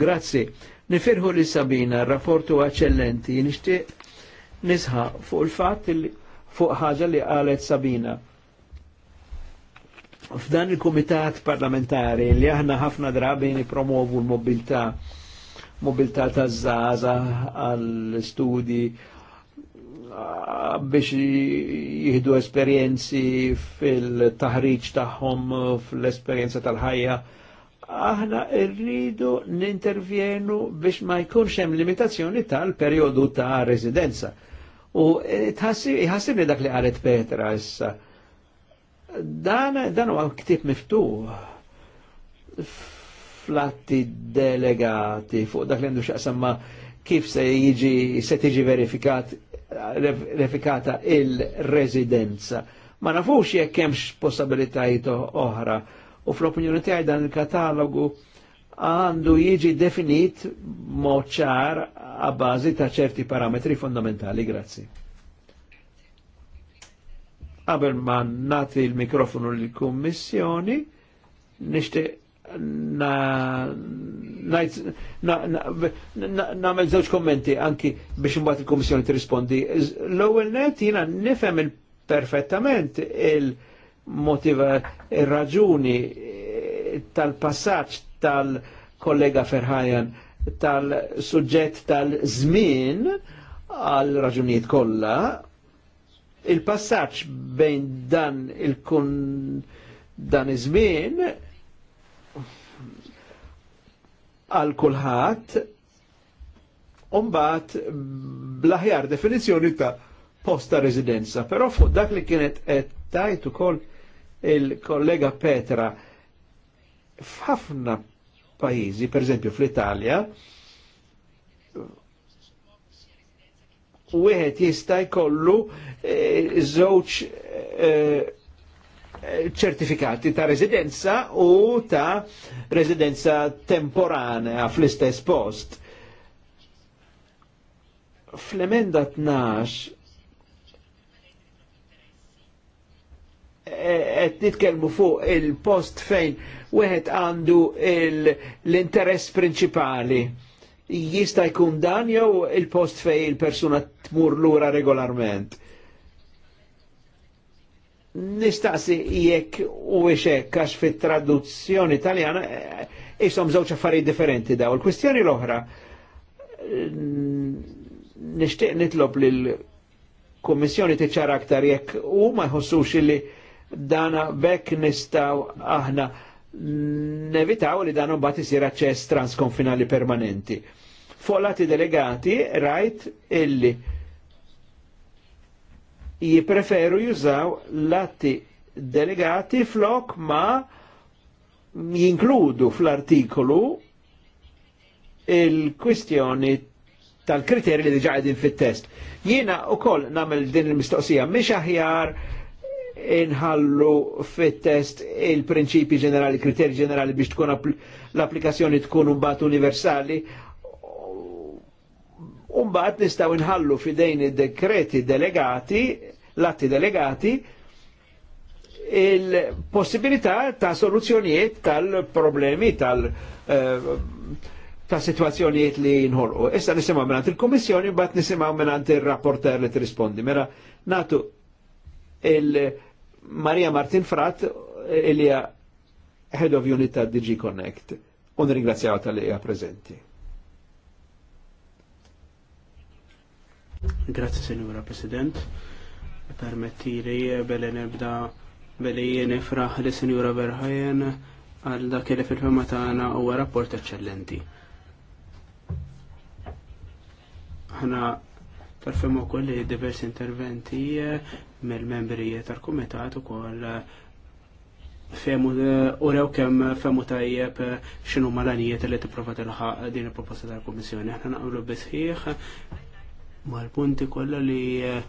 Grazzi. Nifirħu li Sabina, rapportu eccellenti, nishti nisħa fuq il-fat li fuq ħaġa li qalet Sabina. F'dan il-Kumitat Parlamentari li aħna ħafna drabi nipromovu l-mobilità mobilità ta' zaza għall-studi biex jihdu esperienzi fil-taħriġ taħħom fl-esperjenza tal-ħajja. Aħna rridu nintervjenu biex ma jkunx hemm limitazzjoni tal-perjodu ta' residenza. U e, tħassibni dak li għaret Petra issa. Dan huwa ktib miftuħ flatti delegati fuq dak li għandu xaqsamma kif se jiġi se tiġi verifikat verifikata il-residenza. Ma nafux jekk hemmx possibilitajiet oħra u fl-opinjoni tiegħi dan il-katalogu għandu jiġi definit moċar a bazi ta' ċerti parametri fondamentali. Grazzi. Qabel ma nagħti l-mikrofonu lill-Kummissjoni, nixtieq na na zewġ kommenti anki biex imbagħad il-Kummissjoni tirrispondi. L-ewwel net jiena nifhem perfettament il-motiva ir-raġuni eh, tal-passaġġ tal-kollega Ferħajan tal-suġġett tal-żmien għal raġunijiet kollha il-passaġġ bejn dan il-kun dan iż-żmien għal kulħat umbat blaħjar definizjoni ta' posta residenza. Pero fu dak li kienet tajt kol il-kollega Petra f'ħafna pajizi, per esempio fl-Italja, u jista' jkollu eh, żewġ e, ċertifikati ta' residenza u ta' residenza temporanea fl-istess post. Flemenda tnax 12 e, qed nitkellmu fuq il-post fejn wieħed għandu l-interess principali. Jista' jkun dan jew il-post fejn il-persuna tmur lura regolarment nistaqsi jekk u xek, għax fit traduzzjoni Italjana jisom eh, żewġ affarijiet differenti daw. Il-kwistjoni l-oħra nixtieq nitlob lil kummissjoni tiċċara aktar jekk u ma jħossux li dana bekk nistaw aħna nevitaw li dan mbagħad isir aċċess transkonfinali permanenti. Fuq delegati rajt illi right, jipreferu jużaw l-atti delegati flok ma jinkludu fl-artikolu il-kwistjoni tal-kriteri li diġa għedin fit-test. Jiena u koll namel din il-mistoqsija, miex aħjar inħallu fit-test il-prinċipi ġenerali, kriteri ġenerali biex tkun l-applikazzjoni tkun un bat universali, Umbat nistaw inħallu fidejn id-dekreti delegati, l-atti delegati, il-possibilità ta' soluzzjonijiet tal-problemi, tal-, eh, ta' situazzjonijiet li nħolqu. Issa nisimaw menant il-Komissjoni, bat nisimaw menant il-rapporter li t-rispondi. Mela, natu il-Maria Martin Frat, il Head of Unit ta' DG Connect. Un ringrazzjaw tal-li prezenti. Grazie, Signora President. li belle nebda belle jien fraħ li Signora Verhajen għal dak li fil-fema tagħna huwa rapport eċċellenti. Ħana tarfem ukoll li diversi interventi mill-membri tal-kumitat ukoll femu u rew kemm fehmu tajjeb x'inhu malanijiet li tipprova tilħaq din il-proposta tal-Kummissjoni. Aħna naqblu bisħiħ mal-punti kollha li eh,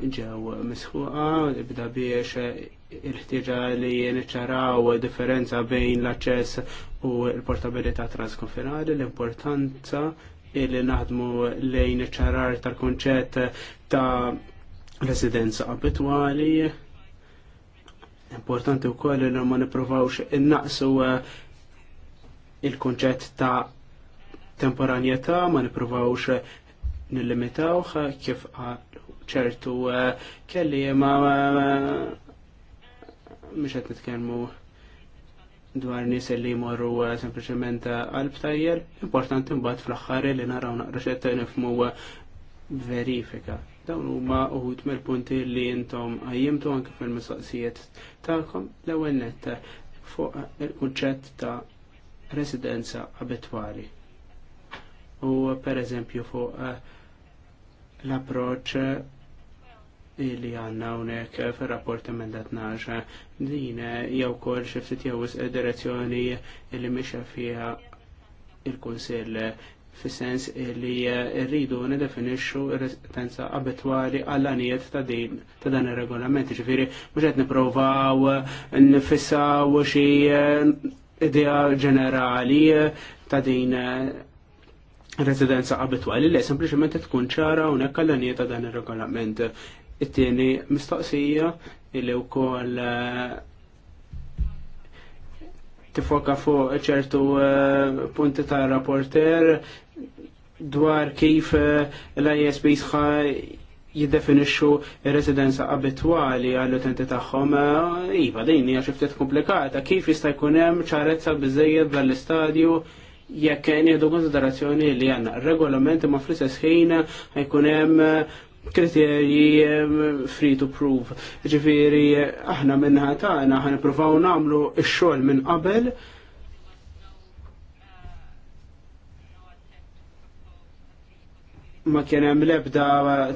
ġew misħuqa ibda biex eh, il-ħtieġa li niċċaraw differenza bejn l-aċċess u l-portabilità transkonfinali, l-importanza illi naħdmu lejn iċċarar tal-konċett ta' residenza abitwali. Importanti wkoll li ma nippruvawx innaqsu eh, il-konċett ta' temporanjetà ma nipruvawx nillimitawh kif ċertu eh, kelli ma eh, mhux qed nitkellmu dwar nis li jmorru eh, sempliċement qalb tajjel, importanti mbagħad fl-aħħar li naraw naqra xed nifhmu verifika. Dawn huma uħud mill-punti li intom għajjimtu anke fil-mistoqsijiet tagħkom l-ewwel netta fuq il-kunċett ta' residenza abitwali. U per eżempju fuq uh, l-approċ li għanna unek fil-rapport emendat naġa din jew kol xiftit jew direzzjoni li miexa fija il-Kunsill fis-sens li rridu nidefinixxu r-resistenza abitwali għall anijiet ta' din ta' dan ir-regolament. Ġifieri mhux qed nippruvaw nfissaw xi idea ġenerali ta' din residenza abitwali li sempliciment tkun ċara u nekkallanija ta' dan ir-regolament. It-tieni mistoqsija li wkoll eh, tifoka fuq ċertu eh, punti ta' rapporter dwar kif eh, l-ISB sħa jiddefinixxu residenza abitwali għall-utenti tagħhom. Iva, din hija xi ftit komplikata. Kif jista' jkun hemm ċarezza biżejjed dal-istadju jekk nieħdu konsiderazzjoni li għandna regolamenti ma fl-istess ħin ħajkun hemm kriterji free to prove. Ġifieri aħna minna tagħna ħan ippruvaw nagħmlu x-xogħol minn qabel ma kien hemm l-ebda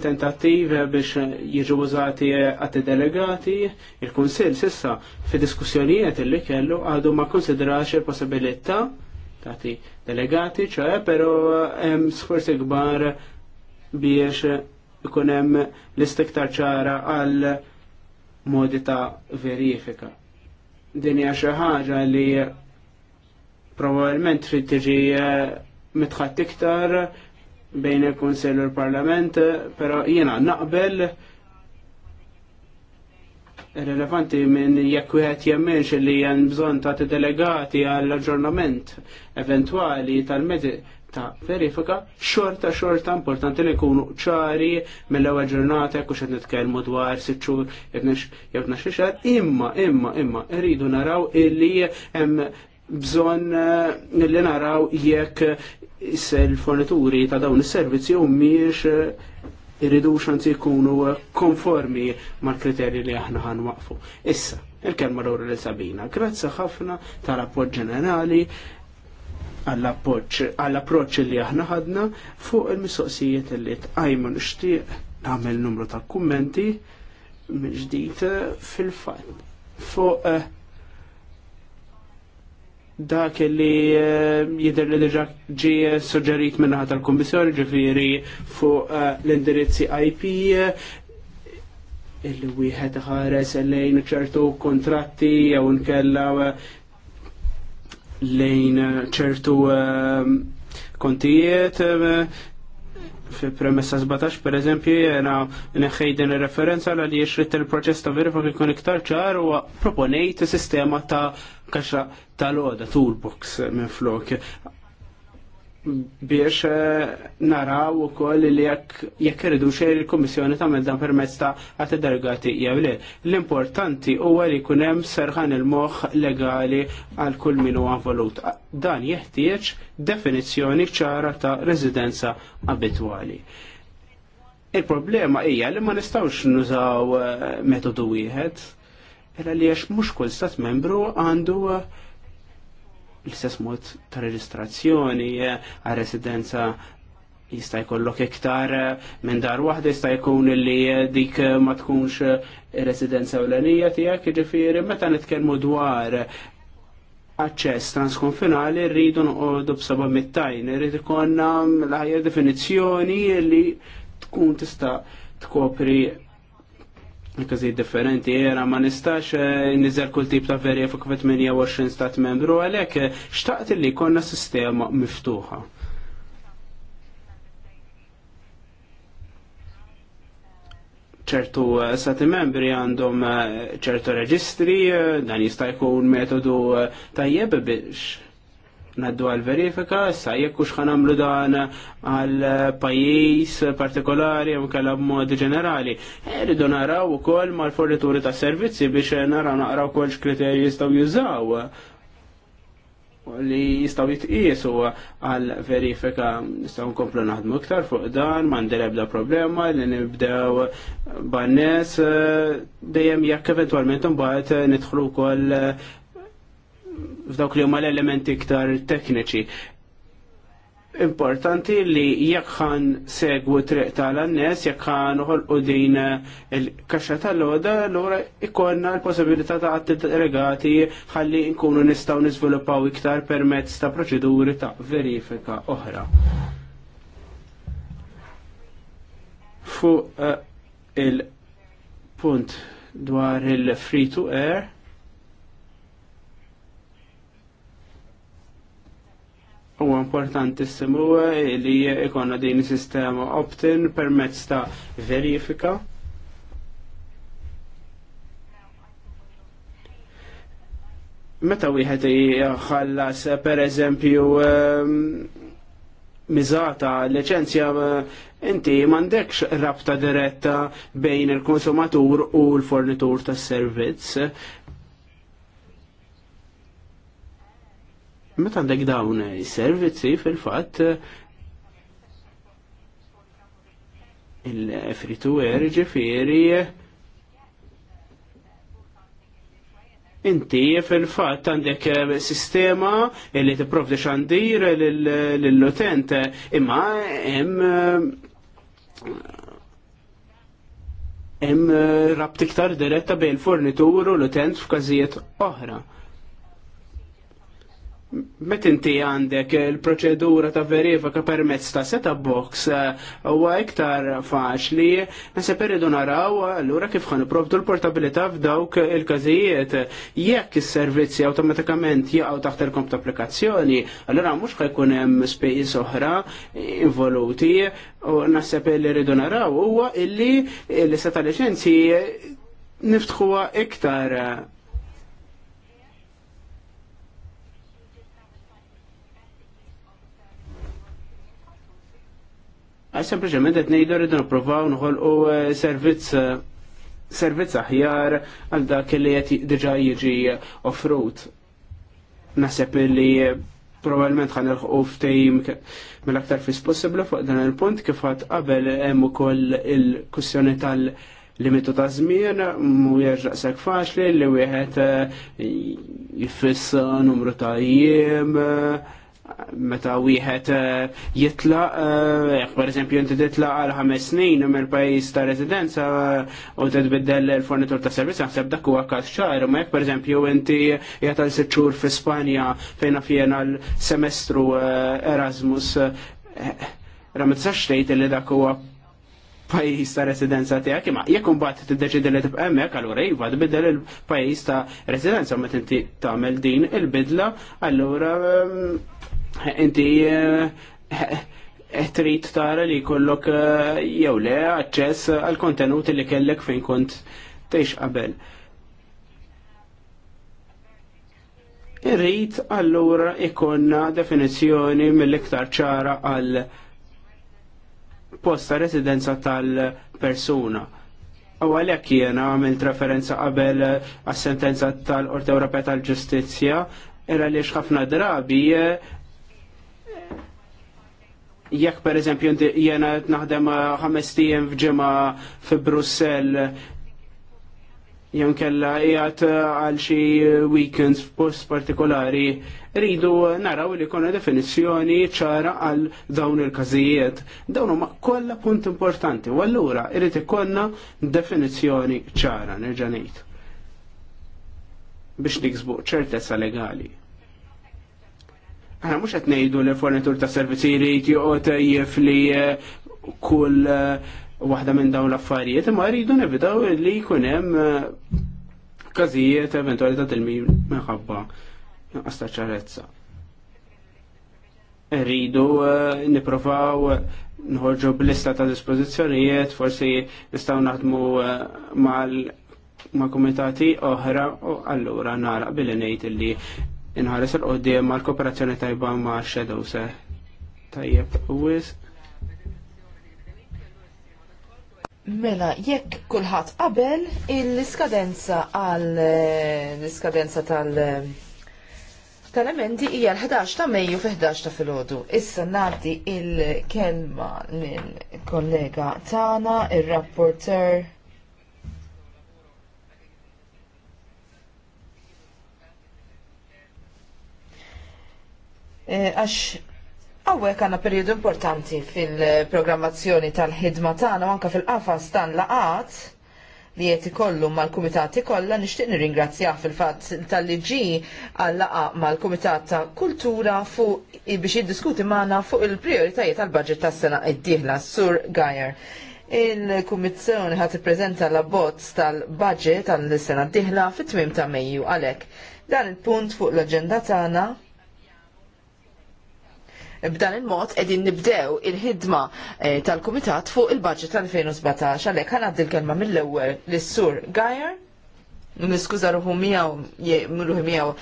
tentattiv biex jiġu użati għat delegati, il-Kunsill sissa fi diskussjonijiet li kellu għadu ma konsidrax il-possibilità tagħti delegati, ċoħe, pero hemm sforzi kbar biex ikun hemm l-istiktar ċara għal modi ta' verifika. Din hija xi ħaġa li probabbilment trid tiġi eh, mitħadd iktar bejn il-Kunsell u l-Parlament, eh, però jiena naqbel relevanti minn jekk wieħed jemmenx li hemm bżonn ta' delegati għall aġġornament eventwali tal medi ta' verifika xorta xorta importanti li jkunu ċari mill-ewwel ġurnata jekk qed nitkellmu dwar sitt xhur jew tnax xar imma imma imma rridu naraw illi hemm bżonn eh, li naraw jekk il-fornituri ta' dawn is-servizzi mhumiex irridu xan jkunu konformi mal-kriterji li aħna ħan waqfu. Issa, il-kelma l li sabina. Grazzi ħafna tal-appoġġ ġenerali għall-approċ li aħna ħadna fuq il-mistoqsijiet li tqajmu nixtieq nagħmel numru ta' kummenti minn ġdid fil-fatt fuq eh, dak li eh, jider li diġa ġi suġġerit min-naħa tal kummissjoni ġifiri fuq eh, l-indirizzi IP eh, illi wieħed ħares lejn ċertu kontratti jew nkella lejn ċertu kontijiet fi premessa 17 per eżempju jena neħħejden referenza l-għaliex il-proċess ta' verifika jkun iktar ċar u proponejt sistema ta' kaxa tal-oda toolbox minn flok biex eh, naraw u koll li jekk irridu xejn il-Kommissjoni tagħmel dan permezz ta' għat delegati jew le. L-importanti huwa li jkun hemm serħan il-moħħ legali għal kull min huwa involut. Dan jeħtieġ definizzjoni ċara ta' residenza abitwali. Il-problema hija li ma nistgħux nużaw eh, metodu wieħed Pera li għax mux kull stat membru għandu uh, l-istess mod ta' reġistrazzjoni uh, għal residenza jista' jkollok iktar uh, minn dar waħda jista' jkun li dik ma tkunx residenza ewlenija tiegħek, jiġifieri meta nitkellmu dwar aċċess transkonfinali rridu noqogħdu b'seba' mittajn, irid ikollna l-ħajja definizzjoni li tkun tista' tkopri il differenti era ma nistax eh, nizel kull tip ta' verifika fit 28 stat membru għalhekk eh, xtaqt li konna sistema miftuħa. ċertu eh, stati membri għandhom ċertu reġistri, dan jista' jkun metodu tajjeb biex naddu għal verifika, sa jekk hux għamlu dan għal pajjiż partikolari u kellha mod ġenerali. Irridu naraw ukoll mal-fornituri ta' servizzi biex naraw naqraw kol kriterji jistgħu jużaw li jistaw jitqiesu għal verifika jistaw nkomplu naħdmu iktar fuq dan, mandi ebda problema li nibdew bannes dejjem jekk eventualment mbagħad nidħlu wkoll f'dawk li huma l-elementi iktar tekniċi. Importanti li jekk ħan segwu triq tal-annes, jekk ħan uħolqu din il-kaxxa tal-loda, allura ikonna l-possibilità ta' għattit regati ħalli nkunu nistaw nizvilupaw iktar permezz ta' proċeduri ta' verifika oħra. Fu eh, il-punt dwar il-free to air, s importantissimu eh, li ikonna din sistema opt-in permezz ta' verifika. Meta wieħed jħallas per eżempju ehm, miżata liċenzja eh, inti m'għandekx rabta diretta bejn il-konsumatur u l-fornitur tas servizz Meta għandek dawn is-servizzi fil-fatt il-frituwer ġifieri inti fil-fatt għandek sistema li tipprovdi xandir lill-utent imma hemm hemm rabt iktar diretta bejn fornitur u l-utent f'każijiet oħra. Met inti għandek il-proċedura ta' verifika permezz ta' setup box eh, huwa iktar faċli, nasa irridu naraw allura kif ħan provdu l-portabilità f'dawk il-każijiet. Jekk is-servizzi awtomatikament jaqgħu taħt il-komp ta' applikazzjoni, allura mhux ħajkun hemm spejjiż oħra involuti u nasa li rridu naraw huwa illi l-seta' liċenzji niftħuha iktar Sempliċement qed ngħidu rridu nippruvaw noħolqu eh, servizz eh, servizz aħjar għal dak li qed diġà jiġi offrut. Naħseb li eh, probabbilment ħan nilħu ftejm mill-aktar fis possibbli fuq dan il-punt kif ħadd qabel hemm ukoll il-kussjoni tal- limitu ta' żmien mhuwiex daqshekk faċli li wieħed jifissa numru ta' jiem meta wieħed eh, jitla, eh, jekk pereżempju inti titla għal ħames snin mill-pajjiż ta' residenza eh, u tidbiddel il-fornitur ta' servizz naħseb dak huwa każ ċar, ma jekk pereżempju inti qiegħed għal sitt xhur fi Spanja fejn fjena għal semestru Erasmus ra ma tistax tgħid li dak huwa pajjiż ta' residenza tiegħek imma jekk imbagħad tiddeċidi li tibqa' hemmhekk allura iva tbiddel il-pajjiż ta' residenza meta inti tagħmel din il-bidla allura ehm, inti eh, eh, trid tara li jkollok eh, jew le aċċess għal kontenuti li kellek fejn kont tgħix qabel. Irrid allura ikonna definizzjoni mill-iktar ċara għal posta residenza tal-persuna. U għalhekk jiena għamilt referenza qabel għas-sentenza tal-Qorti Ewropea tal-Ġustizzja era li ħafna drabi jekk per eżempju jena naħdem ħames tijem fġema fi Brussel jew kella jgħat għal xi weekends f'post partikolari, rridu naraw li konna definizzjoni ċara għal dawn il-każijiet. Dawn huma kollha punt importanti, u allura irrid ikollna definizzjoni ċara nerġa' ngħid biex niksbu ċertezza legali mhux mux għetnejdu li fornitur ta' servizzi jrid juqot li eh, kull eh, waħda minn dawn l-affarijiet, imma rridu nevitaw li jkun hemm eh, każijiet eventwali ta' tilmi minħabba għasta ċarezza. Rridu niprofaw nħorġu b'lista ta' dispożizzjonijiet, forsi nistgħu naħdmu mal ma' komitati oħra u allura naraq billi ngħid li inħares il-qoddim mal kooperazzjoni tajba ma' Shadows. Tajjeb, u Mela, jekk kulħadd qabel il-skadenza għal l-iskadenza tal- tal-emendi hija l-11 ta' Mejju fi-11 ta' filgħodu. Issa nagħti il-kelma lill kollega tagħna, ir-rapporter Eh, għax għawwe għanna periodu importanti fil-programmazzjoni tal-ħidma tagħna u anka fil-qafas tan laqat li qed ikollu mal-kumitati kollha nixtieq nirringrazzjah fil-fatt tal-li ġi laqa mal-kumitat ta' kultura fuq biex jiddiskuti magħna fuq il-prijoritajiet tal-budget tas-sena id-dieħla Sur Gajer. Il-Kummissjoni ħat ippreżenta l-abbozz tal-budget tal-sena d-dieħla fit-tmiem ta' Mejju għalhekk. Dan il-punt fuq l-aġenda tagħna B'dan il-mod edin nibdew il-ħidma eh, tal-Kumitat fuq il-budget tal-2017. Għalek għan għaddi l-kelma mill-ewel l-Sur Gajer. Niskuza ruħu miaw, ruħu miaw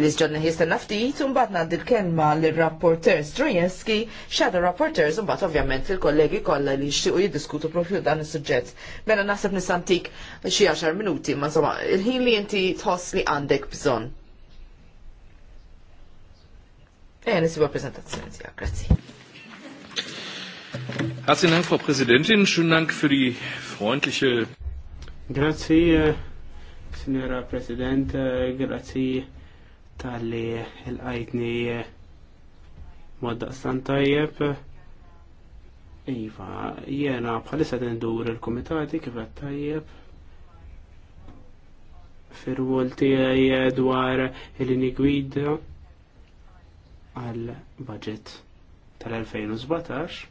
li ġodna naftit, ftit, unbat naddi l-kelma l-rapporter Strojeski, xada rapporters, unbat ovvjament il-kollegi kolla li xtiqu jiddiskutu profju dan il-sujġet. Mela naħseb nisantik xie 10 minuti, ma insomma, il-ħin li inti tħoss li għandek bżon. Ejja nisibu l-prezentazzjoni tiegħek, grazzi. Herzlichen Dank, Frau Präsidentin. Schönen Dank für die freundliche. Grazie, eh, Signora Presidente. Grazie tali li l-għajtni eh, moddaqstan tajjeb. Iva, jena bħalissa tindur il-komitati kif tajjeb fir-rwol eh, dwar il-inigwida għal budget tal-2017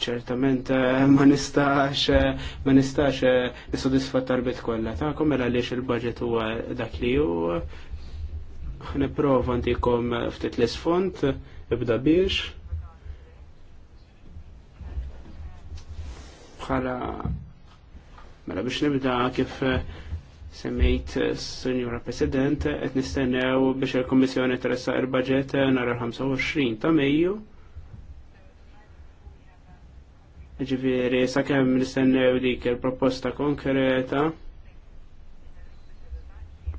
ċertament eh, ma nistax eh, ma nistax eh, nisodisfa tarbit kollha tagħkom mela għaliex il-budget huwa dak li hu nipprova ntikom ftit l-isfond ibda biex bħala mela biex nibda kif semmejt eh, Senjura President, et nistennew biex il-Kommissjoni tressa il-budget eh, nara 25 ta' Mejju. Ġifieri sakemm nistennew dik il-proposta konkreta.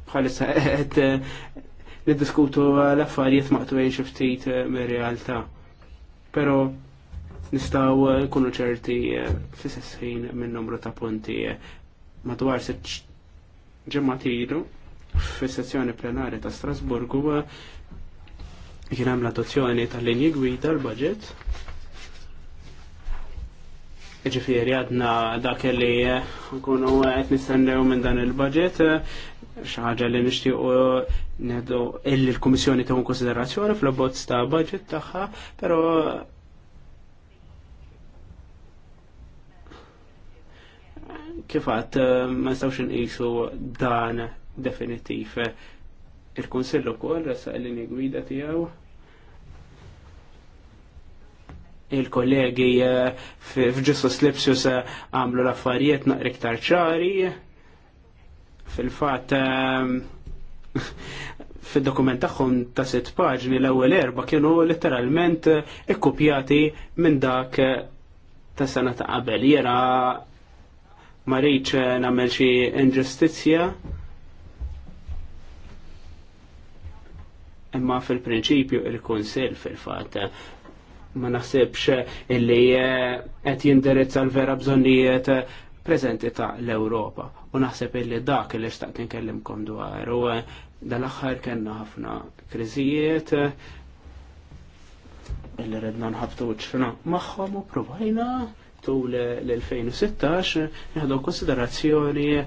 Bħalissa <laughs> qed eh, niddiskutu l-affarijiet maqtujin xi ftit mir-realtà. Però nistgħu nkunu ċerti fis-sessin minn numru ta' punti madwar ġematilu fis-sessjoni plenarja ta' Strasburgu uh, kien hemm l-adozzjoni tal-linji gwida l-budget. Ġifieri għadna dak li uh, nkunu uh, qed nistennew minn dan il-budget xi ħaġa li nixtiequ ngħidu illi l-Kummissjoni tieħu konsiderazzjoni fl-abbozz ta' budget tagħha, però kifat eh, ma nistawx nqisu dan definitiv. Il-Kunsill ukoll ressaq l-linji gwida tiegħu il-kollegi eh, f'ġustus Lipsius eh, għamlu l-affarijiet naqri ktar ċari. Fil-fat, <laughs> fil-dokument tagħhom ta' sitt paġni l-ewwel erba' kienu letteralment ikkupjati minn dak ta' sena ta' qabel. Jera ma rridx eh, nagħmel xi inġustizzja. Imma fil-prinċipju il-Kunsill fil-fatt ma naħsibx eh, illi eh, qed jindirizza l-vera bżonnijiet preżenti ta' l-Ewropa. U naħseb illi dak li xtaqt nkellimkom dwar u dal-aħħar kellna ħafna kriżijiet illi redna nħabtu ċfna magħhom u provajna tul l-2016 jihdu konsiderazzjoni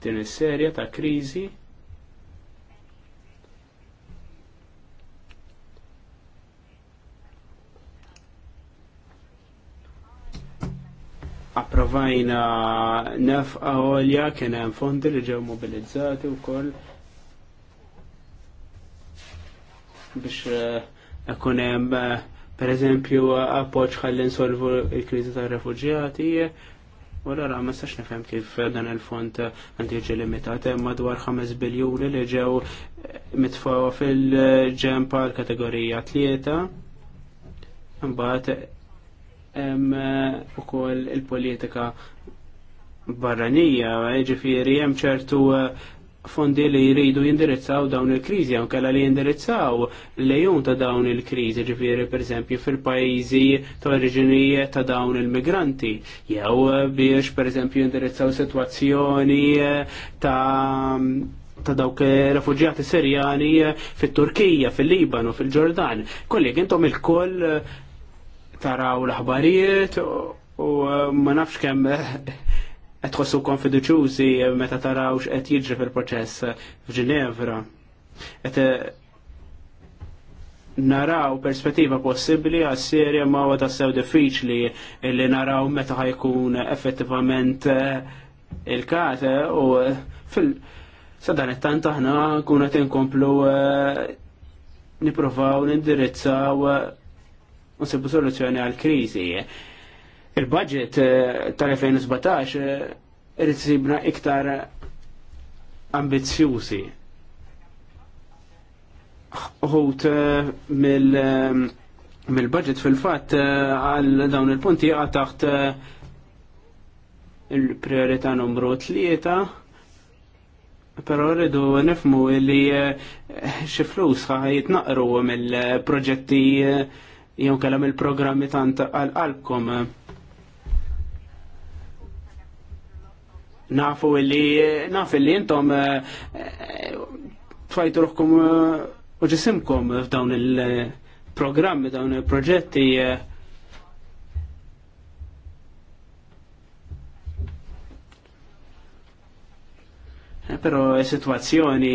din is-serja ta' kriżi approvajna nefqa għolja kien hemm fondi li ġew mobilizzati wkoll biex eh, ikun hemm eh, per eżempju, appoċ ħalli nsolvu il-krizi ta' refugjati, wara għara ma sax nifhem kif dan il-fond għandi jiġi limitat hemm madwar 5 biljuni li ġew mitfaw fil-ġempa l-kategorija tlieta. Imbagħad hemm ukoll il-politika barranija, ġifiri hemm ċertu fondi li jridu jindirizzaw dawn il-krizi, għan kalla li jindirizzaw lejun ta' dawn il-krizi, ġifiri per esempio fil pajzi ta' oriġini ta' dawn il-migranti, jew biex per esempio jindirizzaw situazzjoni ta' ta' dawk refugjati sirjani fit-Turkija, fil libano fil-Ġordan. Kolli, intom il-koll taraw l-aħbarijiet u ma nafx kemm qed tħossu meta tarawx x'qed jiġri fil-proċess f'Ġinevra. Qed eh, naraw perspettiva possibbli għas serja ma għada sew diffiċli li naraw meta ħajkun effettivament eh, il-kat eh, u fil- Sadan it-tant aħna kuna tinkomplu niprofaw nindirizzaw u nsibu soluzzjoni għal kriżi il-budget eh, tal-2017 eh, irrid sibna iktar ambizzjużi. Għut eh, mill-budget fil-fatt għal dawn il-punti għataħt taħt il-priorità numru tlieta, però rridu nifmu li xi flus jitnaqru mill-proġetti jew kellha mill-programmi tant għal qalbkom. nafu illi naf illi intom eh, eh, tfajtu ruħkom eh, uġisimkom f'dawn il-programmi, dawn il-proġetti. Pero situazzjoni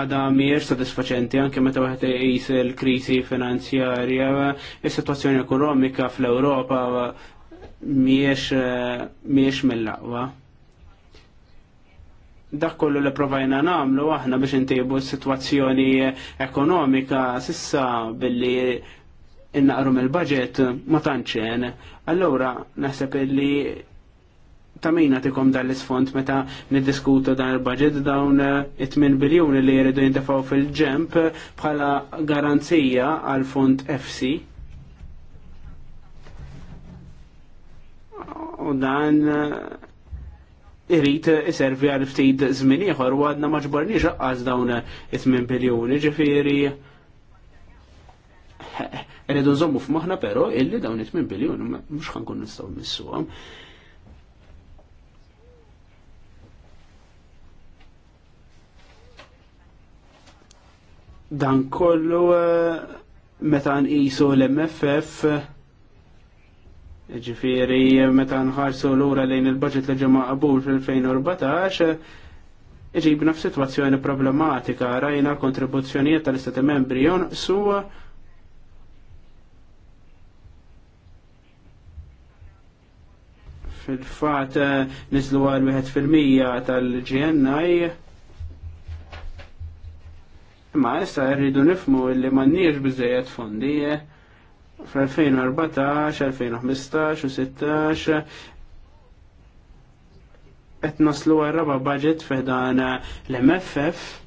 għada miex sodisfaċenti anke meta waħed jis il-krisi finanzjarja, is-situazzjoni ekonomika fl-Ewropa miex miex mill-laqwa dak kollu li provajna namlu aħna biex intibu s-situazzjoni ekonomika sissa billi innaqru mill-budget ma tantxen. Allura naħseb li tamina tikom dan l-isfond meta niddiskutu dan il-budget dawn 8 biljuni li jridu jindafaw fil-ġemp bħala garanzija għal fond FC. U dan irrit iservi għal ftit żmien ieħor u għadna maġbarniex għaqqas dawn 8 biljuni ġifieri. Rridu nżommu f'moħħna però illi dawn 8 biljuni mhux ħankun nistgħu missuhom. Dan kollu eh, meta nqisu l-MFF Ġifiri, meta nħarsu l-ura lejn il-budget li ġemma qabul fil-2014, iġibna f-situazzjoni problematika, rajna kontribuzzjonijiet tal-Istati membri jon su fil-fat eh, nizlu għal 1% tal-GNI. Imma issa rridu nifmu li mannix bizzejet fondi eh fl-2014, 2015 u 16 qed naslu raba budget f'dan l-MFF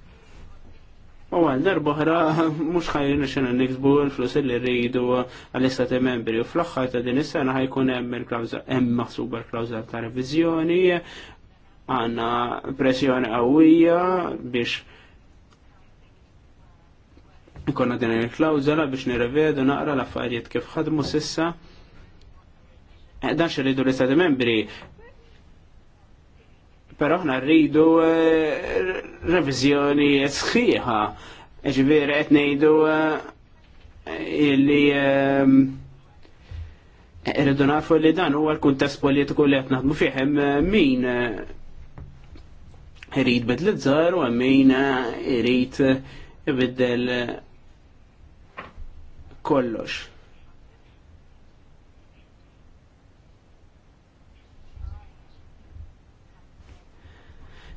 u għal darbohra mhux ħajrin xena niksbu l-flus li rridu għall-istati membri u fl-aħħar ta' din is-sena ħajkun hemm il-klawża hemm maħsuba ta' revizjoni għanna pressjoni qawwija biex Ikonna din il-klawżola biex nirrevedu naqra l-affarijiet kif ħadmu sissa. Eh, dan xirridu l-Istati membri Pero ħna rridu eh, revizjoni sħiħa. Ġviri, qed ngħidu eh, illi rridu nafu li dan huwa l-kuntest politiku li qed naħdmu fih hemm min irid bidlizzar u min irid ibiddel kollox.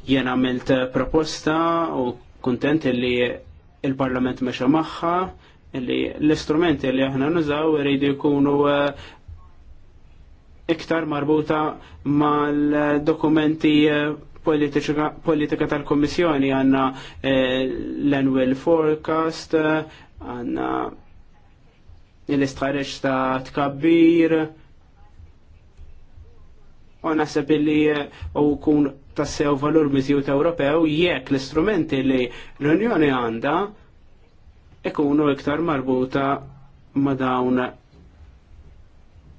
Jena għamilt proposta u kontent li il-Parlament meċa maħħa, li l-istrumenti li aħna nużaw rridu jkunu eh, iktar marbuta mal-dokumenti eh, politika tal-Komissjoni għanna eh, l-annual forecast, għanna nil istħarriġ ta' tkabbir u nasab li eh, u kun tassew valur mizjut Ewropew jekk l-istrumenti li l-Unjoni għanda ikunu iktar marbuta ma' dawn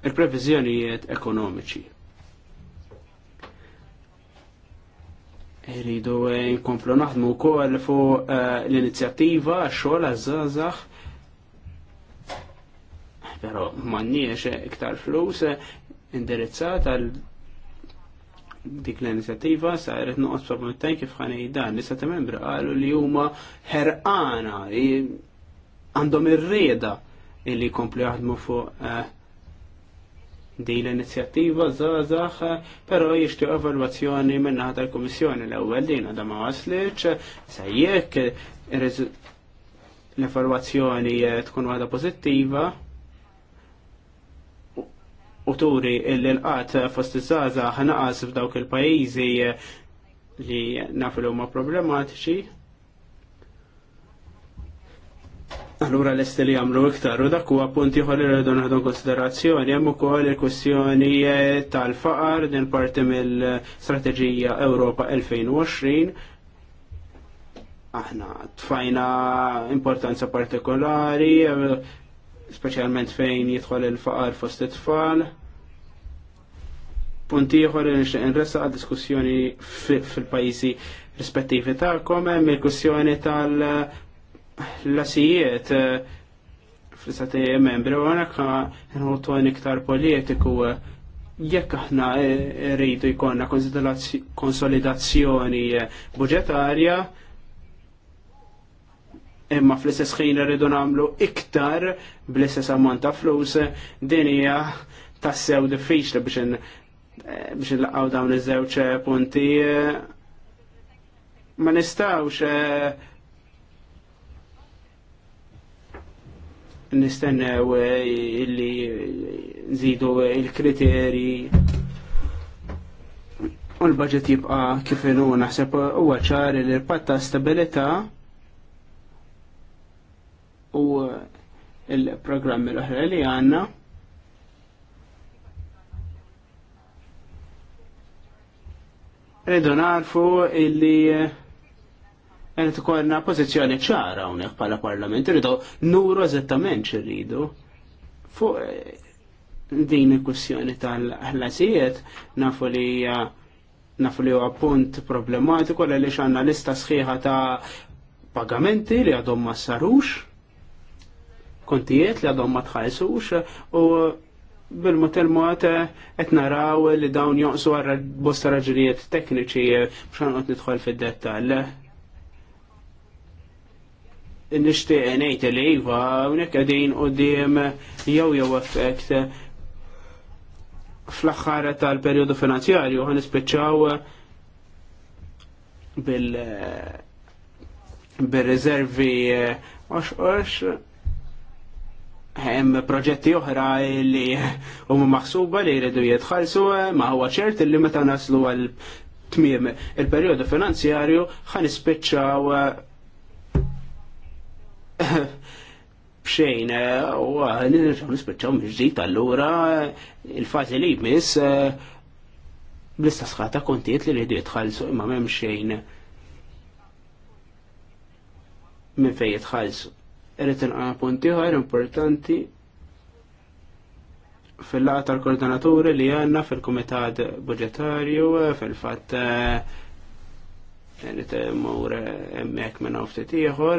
il-previżjonijiet ekonomiċi. Iridu eh, nkomplu naħdmu wkoll fuq eh, l-inizjattiva għax-xogħol għaż-żgħażagħ pero m'għandniex iktar flus indirizzat għal dik l-inizjattiva saret noqgħod problemi kif ħanej dan li ta' membri qalu li huma ħerqana għandhom ir-rieda illi jkomplu jaħdmu fuq eh, din l-inizjattiva zazax, pero jishtu evalwazzjoni minna ħata l-Komissjoni l-ewel din għadha ma waslitx, jekk l-evalwazzjoni tkun waħda pozittiva, u turi l-qat fost iż-żaza ħanaqas f'dawk il-pajjiżi li nafu li huma problematiċi. Allura l-est li jagħmlu iktar u dak huwa punti ħolli li rridu naħdu konsiderazzjoni hemm ukoll il-kwestjoni tal-faqar din parti mill-Strateġija Ewropa 2020 aħna tfajna importanza partikolari specialment fejn jidħol il-faqar fost it-tfal. Punti ieħor li nixtieq inressaq għad diskussjoni fil-pajjiżi rispettivi tagħkom hemm il kwissjoni tal-lasijiet eh, fl-istati membri u għanak għan iktar politiku eh, jekk aħna eh, rridu jkollna konsolidazzjoni budġetarja imma fl-istess ħin rridu nagħmlu iktar bl-istess ammont ta' flus din hija tassew diffiċli biex eh, biex nlaqgħu dawn iż-żewġ eh, punti eh, ma nistgħux nistennew illi nżidu il-kriterji u l-budget jibqa' kif inhu naħseb huwa ċar li l-patt ta' stabilità' u il-programmi l-oħra li għanna. Rridu narfu illi għanet kolna pozizjoni ċara hawnhekk pala parlament, rridu nuru eżattament xirridu. Fuq eh, din il-kussjoni tal-ħlasijiet nafu li eh, nafu li huwa punt problematiku li xanna lista sħiħa ta' pagamenti li għadhom ma sarux kontijiet li għadhom ma tħajsux u bil-mot il-mot eh, qed naraw li dawn joqsu għarra bosta raġunijiet tekniċi biex eh, għot nidħol fid-dettall. Nishtiq ngħid li iva hawnhekk qegħdin dim jew jew effekt fl-aħħar tal periodu finanzjarju ħan nispiċċaw bil eh, bil-reservi hemm proġetti oħra li huma maħsuba li jridu jitħallsu eh, ma huwa ċert li meta naslu għal tmiem il-perjodu finanzjarju ħan ispiċċaw eh, bxejn eh, u nirġgħu nispiċċaw mill-ġdid allura il-fażi li jmiss bl-istess ħata kontijiet li jridu jitħallsu imma m'hemm xejn minn fejn jitħallsu Irrid inqa' punt ieħor importanti fil-laqa tal-koordinaturi li għanna fil kumitat budġetarju fil-fatt eh, irrid mawr hemmhekk minn ftit ieħor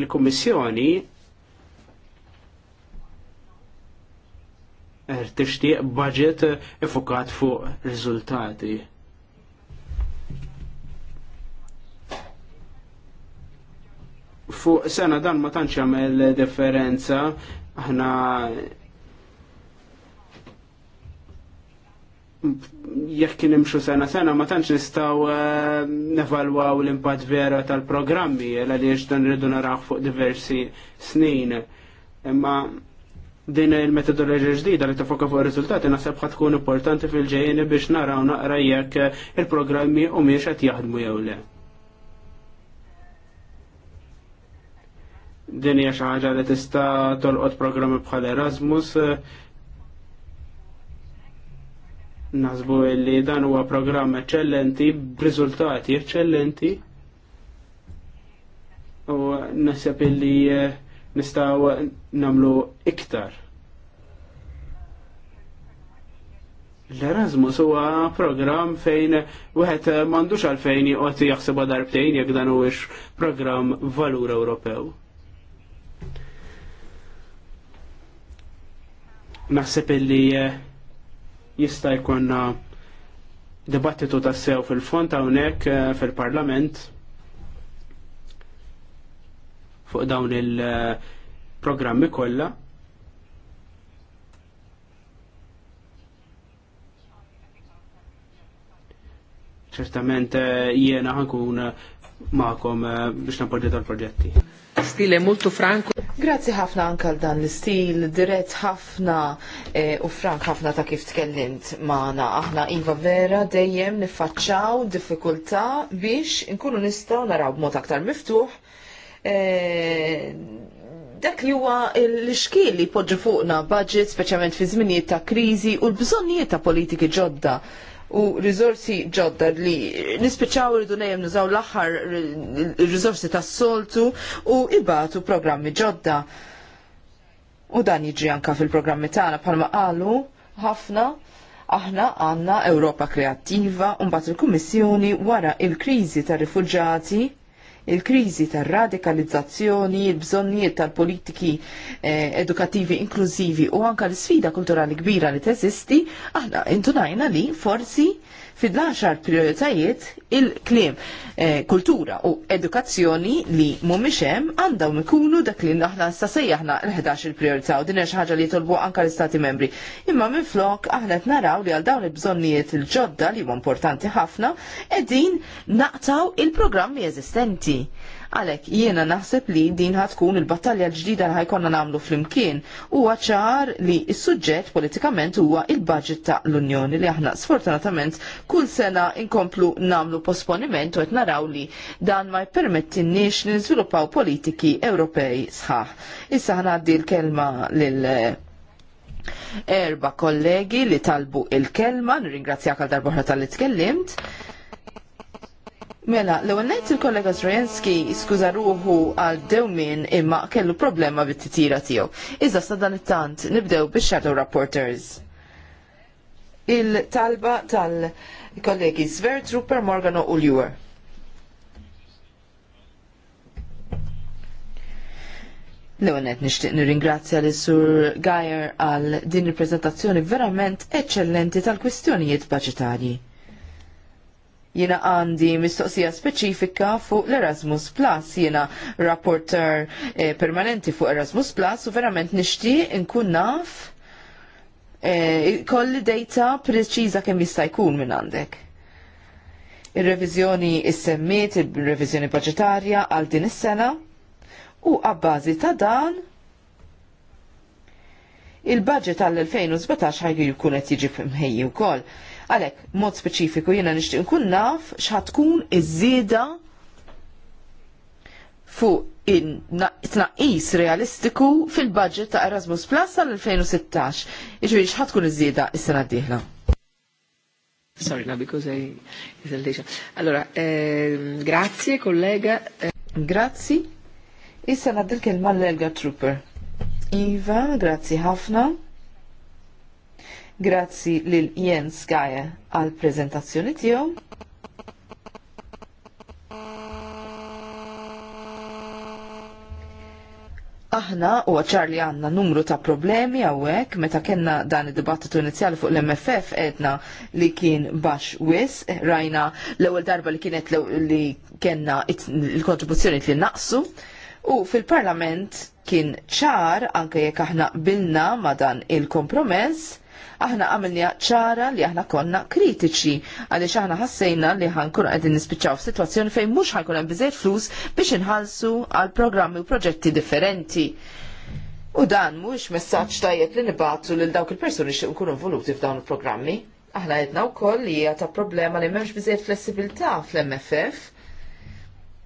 il-Kummissjoni eh, tixtieq budget ifukat fuq riżultati. fuq sena dan ma tantx jagħmel differenza aħna jekk kien imxu sena sena ma tantx nistgħu eh, nevalwaw l-impatt vera tal-programmi għaliex dan rridu naraw fuq diversi snin. Imma din il-metodoloġija ġdida li tifoka fuq ir-riżultati naħseb ħad tkun importanti fil-ġejjeni biex naraw naqra jekk il-programmi u miex qed jaħdmu jew le. din hija xi ħaġa li tista' tolqot programmi bħal Erasmus. Nasbu li dan huwa programm eċċellenti, b'riżultati eċċellenti. U naħseb illi eh, nistgħu nagħmlu iktar. L-Erasmus huwa programm fejn wieħed m'għandux għalfejn joqgħod jaħseb darbtejn jekk dan huwiex programm valur Ewropew. naħseb illi eh, jista' jkollna dibattitu ta' sew fil-fond hawnhekk eh, fil-Parlament fuq dawn il-programmi kollha. ċertament eh, jiena ħankun ma'kom biex napporti tal-proġetti. Stile molto franco. Grazzi ħafna anka dan l-stil, dirett ħafna e, u frank ħafna ta' kif tkellimt maħna. Aħna Iva Vera dejjem nifacċaw diffikultà biex inkunu nistaw naraw b'mod aktar miftuħ e, dak li huwa l-xkil li poġġu fuqna budget speċjalment fi żminijiet ta' kriżi u l-bżonnijiet ta' politiki ġodda u rizorsi ġodda li nispiċaw rridu nejem nużaw l-axar rizorsi tas soltu u ibatu programmi ġodda. U dan jiġri anka fil-programmi tagħna bħalma qalu ħafna aħna għanna Ewropa kreattiva u mbagħad il-Kummissjoni wara il-kriżi tar-rifuġġati il-kriżi tar-radikalizzazzjoni, il-bżonnijiet tal-politiki eh, edukattivi inklużivi u anka l-sfida kulturali kbira li teżisti, aħna intunajna li forsi fid laxar prioritajiet il-kliem eh, kultura u edukazzjoni li mhumiex hemm għandhom ikunu dak li aħna sta sejjaħna l-11 il-priorità u din hija xi ħaġa li jitolbu anke l-Istati Membri. Imma minflok aħna qed naraw li għal dawn il-bżonnijiet il-ġodda li huma importanti ħafna qegħdin naqtaw il-programmi eżistenti. Għalek, jiena naħseb li din ħatkun il-battalja l-ġdida li ħajkonna namlu fl-imkien u ċar li il-sujġet politikament huwa il-budget ta' l-Unjoni li aħna sfortunatament kull sena inkomplu namlu posponiment u naraw li dan ma jpermettinniex li nizviluppaw politiki Ewropej sħaħ. Issa ħnaddi l-kelma lil eh, erba kollegi li talbu il-kelma, nirringrazzjak għal darbohra tal-li tkellimt. Mela, l ewwel il-kollega Trojenski skuża ruħu għal dewmin imma kellu problema bit-titira tiegħu. Iżda sa dan it-tant nibdew bix-Shadow Reporters. Il-talba tal-kollegi Sver Trooper Morgano u Lure. l ewwel nishtiq nir-ingrazzja li sur Gajer għal din il-prezentazzjoni verament eccellenti tal-kwistjonijiet budgetarji. Jiena għandi mistoqsija speċifika fuq l-Erasmus Plus. Jiena rapporter eh, permanenti fuq Erasmus Plus u verament nixtieq inkun naf eh, kolli data preċiża kemm jista' jkun minn għandek. Ir-reviżjoni is-semmiet, ir-reviżjoni budgetarja għal din is-sena u għabbażi ta' dan il-budget għall-2017 ħajju jkun qed jiġi mħejji wkoll. Għalek, mod speċifiku jena nishtiq nkun naf xħatkun iż-żieda fuq tnaqqis realistiku fil-budget ta' Erasmus Plus għal-2016. Iġviri xħatkun iż-żieda is-sena d-dieħla. Sorry, no, because I... Allora, eh, grazie kollega. Eh. Grazzi. Issa naddil kelma l-Elga Trooper. Iva, grazzi ħafna. Grazzi lil Jens Gaje għal prezentazzjoni tiegħu. Aħna u ċarli għanna numru ta' problemi għawek, meta kena dan id-dibattitu inizjali fuq l-MFF edna li kien bax wis, rajna l ewwel darba li kienet li kena il-kontribuzzjoni li naqsu, u fil-parlament kien ċar anke jekk aħna bilna ma dan il-kompromess, aħna għamilni ċara li aħna konna kritiċi għaliex aħna ħassejna li ħankun qegħdin nispiċċaw f'sitwazzjoni fejn mhux ħajkun hemm biżejjed flus biex inħallsu għal programmi u proġetti differenti. U dan mux messaġġ tajjeb li nibatu lil dawk il-persuni xi nkunu involuti f'dawn il-programmi. Aħna u wkoll li hija ta' problema li m'hemmx biżejjed flessibilità fl-MFF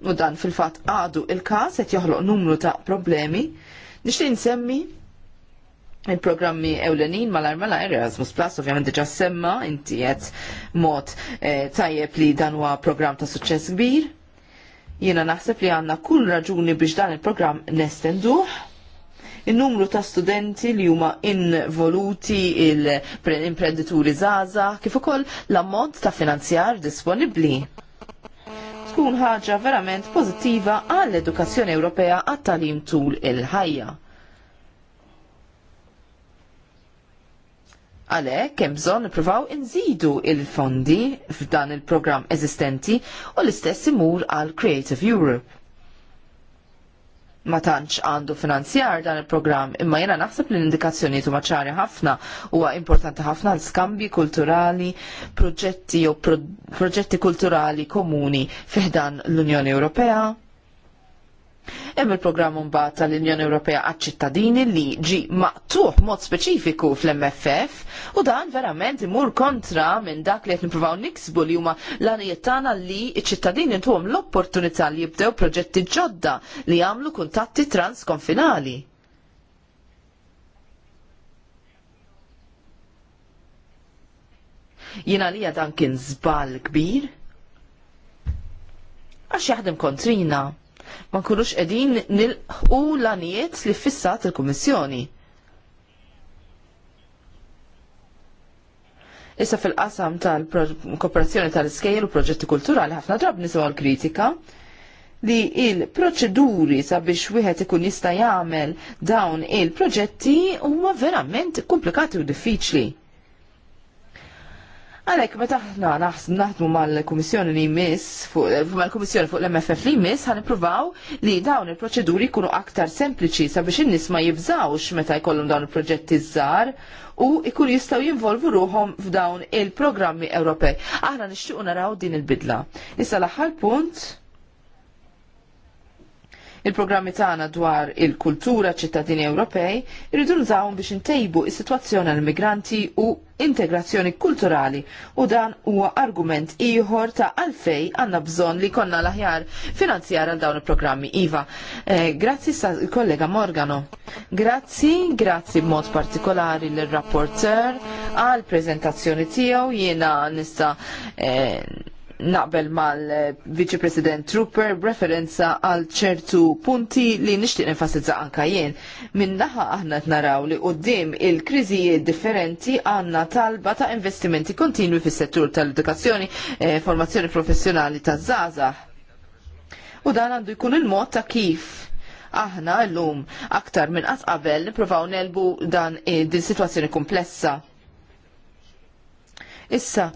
u dan fil-fat għadu il-kas għet joħloq numru ta' problemi, nix nsemmi il-programmi ewlenin malar mala Erasmus Plus ovvjament diġa semma inti qed mod eh, tajjeb li dan huwa programm ta' suċċess kbir. Jiena naħseb li għandna kull raġuni biex dan il-programm nestenduh. Il-numru ta' studenti li huma involuti il-imprenditori zaza, kif ukoll l-ammont ta' finanzjar disponibbli tkun ħaġa verament pożittiva għall-edukazzjoni Ewropea għat-talim tul il-ħajja Għalhekk kem bżonn nippruvaw inżidu il-fondi f'dan il-programm eżistenti u l-istess imur għal Creative Europe ma tantx għandu finanzjar dan il-programm, imma jena naħseb li l-indikazzjoni huma ċari ħafna huwa importanti ħafna l skambi kulturali, proġetti jew proġetti kulturali komuni fiħdan l-Unjoni Ewropea. Hemm il-programm mbagħad tal-Unjoni Ewropea għaċ-ċittadini li ġi maqtuħ mod speċifiku fl-MFF u dan verament imur kontra minn dak li qed nippruvaw niksbu li huma l-għanijiet tagħna li ċ-ċittadini ntuhom l-opportunità li jibdew proġetti ġodda li jagħmlu kuntatti transkonfinali. Jina li dan kien żball kbir għax jaħdem kontrina ma nkunux qegħdin nilħu l-anijiet li fissat il-Kummissjoni. Issa fil-qasam tal-kooperazzjoni tal-iskejl u proġetti kulturali ħafna drab nisimgħu l-kritika li il-proċeduri sabiex wieħed ikun jista' jagħmel dawn il-proġetti huma verament komplikati u diffiċli. Għalek, meta ħna naħdmu mal-Komissjoni li jmiss, mal-Komissjoni fuq l-MFF li jmiss, ħanipruvaw li dawn il-proċeduri kunu aktar sempliċi sabiex in-nies ma jibżawx meta jkollhom dawn il-proġetti żgħar u jkun jistgħu jinvolvu ruhom f'dawn il-programmi Ewropej. Aħna nixtiequ naraw din il-bidla. Issa l-aħħar punt Il-programmi tagħna dwar il-kultura ċittadini Ewropej irridu nżawhom biex intejbu is-sitwazzjoni għall-migranti u integrazzjoni kulturali u dan huwa argument ieħor ta' għalfej għandna bżonn li konna l-aħjar finanzjar għal dawn il-programmi IVA. Eh, grazzi sa' kollega Morgano. Grazzi, grazzi b'mod partikolari l-rapporter għal prezentazzjoni tiegħu jiena nista' eh, naqbel mal-Viċi President Trooper b'referenza għal ċertu punti li nixtieq nifasizza anka jien. naħa aħna naraw li qudiem il-kriżijiet differenti għandna talba ta' investimenti kontinwi fis-settur tal-edukazzjoni, eh, formazzjoni professjonali taż-żgħażagħ. U dan għandu jkun il-mod ta' kif aħna l-lum aktar minn qabel nippruvaw nelbu dan eh, din sitwazzjoni komplessa. Issa,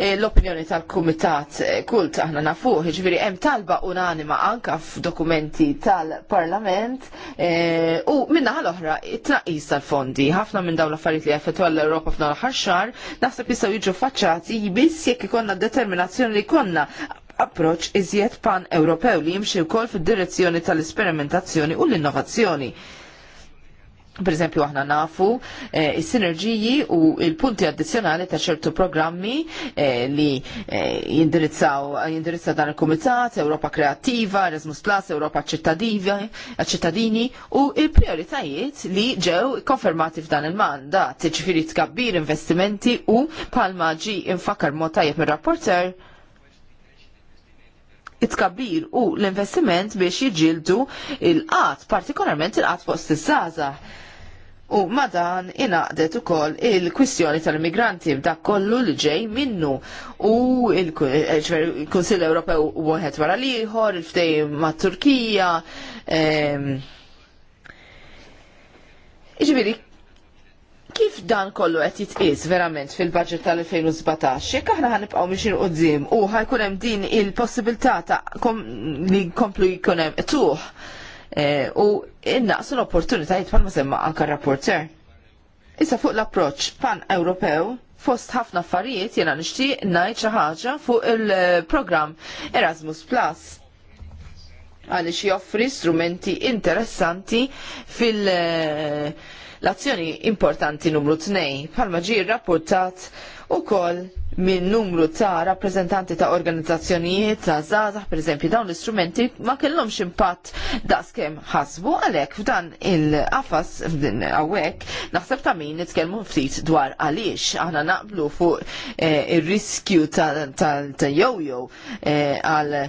Eh, l-opinjoni tal-Kumitat eh, kult aħna nafuħ, ġviri hemm talba unanima anka f'dokumenti tal-Parlament eh, u minna l-oħra it-tnaqqis tal-fondi. Ħafna minn dawn l-affarijiet li jaffettwa l europa f'dan l-aħħar xahar naħseb jistgħu jiġu faċċati biss jekk ikonna determinazzjoni li konna approċ iżjed pan-Ewropew li jimxi wkoll fid-direzzjoni tal esperimentazzjoni u l-innovazzjoni. Per eżempju, aħna nafu eh, il sinerġiji u il-punti addizzjonali ta' ċertu programmi eh, li eh, jindirizzaw jindirizza dan il-Kumitat, Europa Kreativa, Erasmus Plus, Europa ċittadini u il-prioritajiet li ġew konfermati f'dan il-mandat, ċifiri tkabbir investimenti u palma ġi infakar motajjeb mir-rapporter it-kabbir u l-investiment biex jiġildu il-qat, partikolarment il-qat fost iż-żaza. il qat partikolarment il qat fost iż żaza U madan inaqdet ukoll il-kwistjoni tal-immigranti b'dak kollu li ġej minnu u il-Kunsill Ewropew għuħet wara l-ieħor, il ftej mat-Turkija. Iġifieri, kif dan kollu qed jitqies verament fil-budget tal-2017, jekk aħna ħanibqgħu mixin miexin u ħajkun hemm din il-possibilità ta' li jkomplu jkun hemm tuħ Eh, u innaqsu l-opportunitajiet bħalma semma anka rapporter. Issa fuq l-approċ pan-Ewropew fost ħafna affarijiet jena nixtieq ngħid xi ħaġa fuq il program Erasmus Plus għaliex joffri strumenti interessanti fil- eh, l-azzjoni importanti numru 2 bħalma ġie rapportat u koll minn numru ta' rappresentanti ta' organizzazzjonijiet ta' zazah, per esempio, dawn l-istrumenti ma kellhomx impatt daqskemm ħasbu għalhekk f'dan il-qafas hawnhekk naħseb ta' min nitkelmu ftit dwar għaliex aħna naqblu fuq eh, ir-riskju ta' jojo eh, għal eh,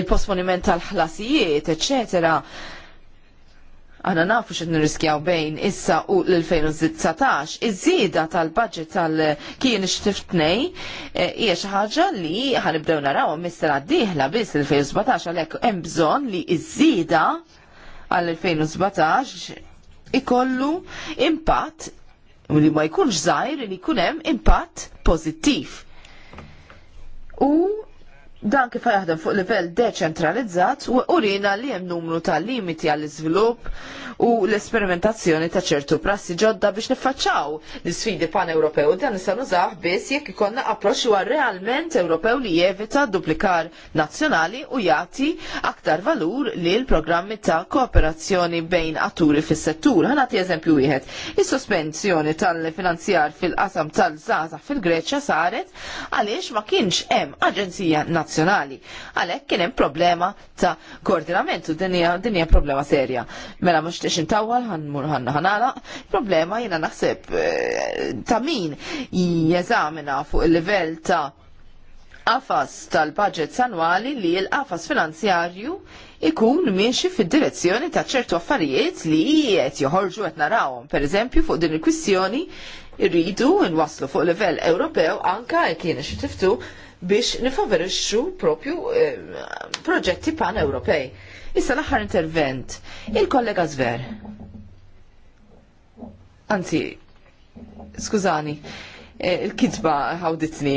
il-posponiment tal-ħlasijiet, eccetera Aħna nafu xed nirriskjaw bejn issa u l 2016 iż żida tal-budget tal-kien xtiftnej e, hija xi ħaġa li ħanibdew naraw mistera d-dieħla biss l-2017 għalhekk hemm bżonn li iż-żieda għal-2017 ikollu impatt u li ma jkunx żgħir li jkun hemm impatt pożittiv. U dan kif jaħdem fuq livell deċentralizzat u urina li hemm numru ta' limiti għall iżvilupp u l-esperimentazzjoni ta' ċertu prassi ġodda biex niffaċċaw l-sfidi pan-Ewropew dan nisa nużaw biss jekk ikonna approċċ huwa realment Ewropew li jevita duplikar nazzjonali u jagħti aktar valur li l-programmi ta' kooperazzjoni bejn atturi fis-settur. Ħanati eżempju wieħed. Is-sospensjoni tal-finanzjar fil-qasam tal-żgħażagħ fil-Greċja saret għaliex ma kienx hemm aġenzija nazzjonali. Għalhekk kien hemm problema ta' koordinament u din hija problema serja. Mela mhux tix intawwal ħanala, problema jiena naħseb eh, ta' min jeżamina fuq il-livell ta' qafas tal-budget annwali li l-qafas finanzjarju ikun miexi fil direzzjoni ta' ċertu affarijiet li jiet joħorġu qed narawhom. Pereżempju fuq din il-kwistjoni irridu nwaslu fuq livell Ewropew anka kien xi tiftu biex nifavorixxu propju eh, proġetti pan-Ewropej. Issa l-aħħar intervent, il-kollega Zver. Anzi, skużani, eh, il-kitba ħawditni.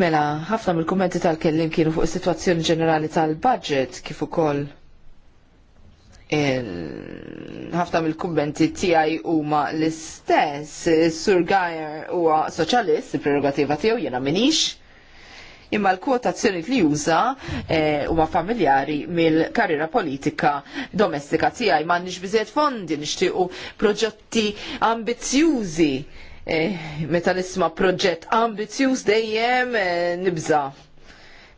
Mela, ħafna mill-kummenti tal-kellim kienu fuq is-sitwazzjoni ġenerali tal-budget kif ukoll ħafna mill-kummenti tiegħi huma l-istess. Sur Gajer huwa soċjalist, il-prerogativa tiegħu jiena minix. Imma l-kwotazzjoni li juża eh, huma eh, familjari mill-karriera politika domestika tiegħi m'għandniex biżejjed fondi nixtiequ proġetti ambizzjużi. Eh, meta nisma proġett ambizzjuż dejjem e, nibża'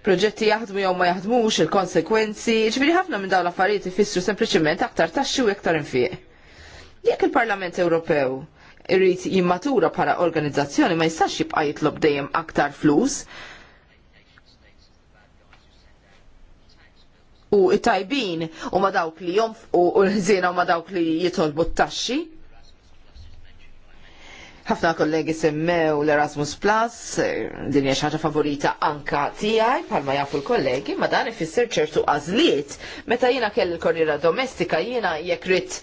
proġetti jaħdmu jew ma jaħdmux il-konsekwenzi, ġifieri ħafna minn dawn l-affarijiet ifissru sempliċement aktar taxxi u aktar infieq. Jekk il-Parlament Ewropew irrid jimmatura bħala organizzazzjoni ma jistax jibqa' jitlob dejjem aktar flus, u tajbin u ma dawk li jonfqu u l-ħżiena u ma dawk li jitolbu t-taxxi ħafna kollegi semmew l-Erasmus Plus, din hija ħaġa favorita anka tiegħi bħalma jafu l-kollegi, ma dan ifisser ċertu għażliet. Meta jiena kelli l-korriera domestika jiena jekk rid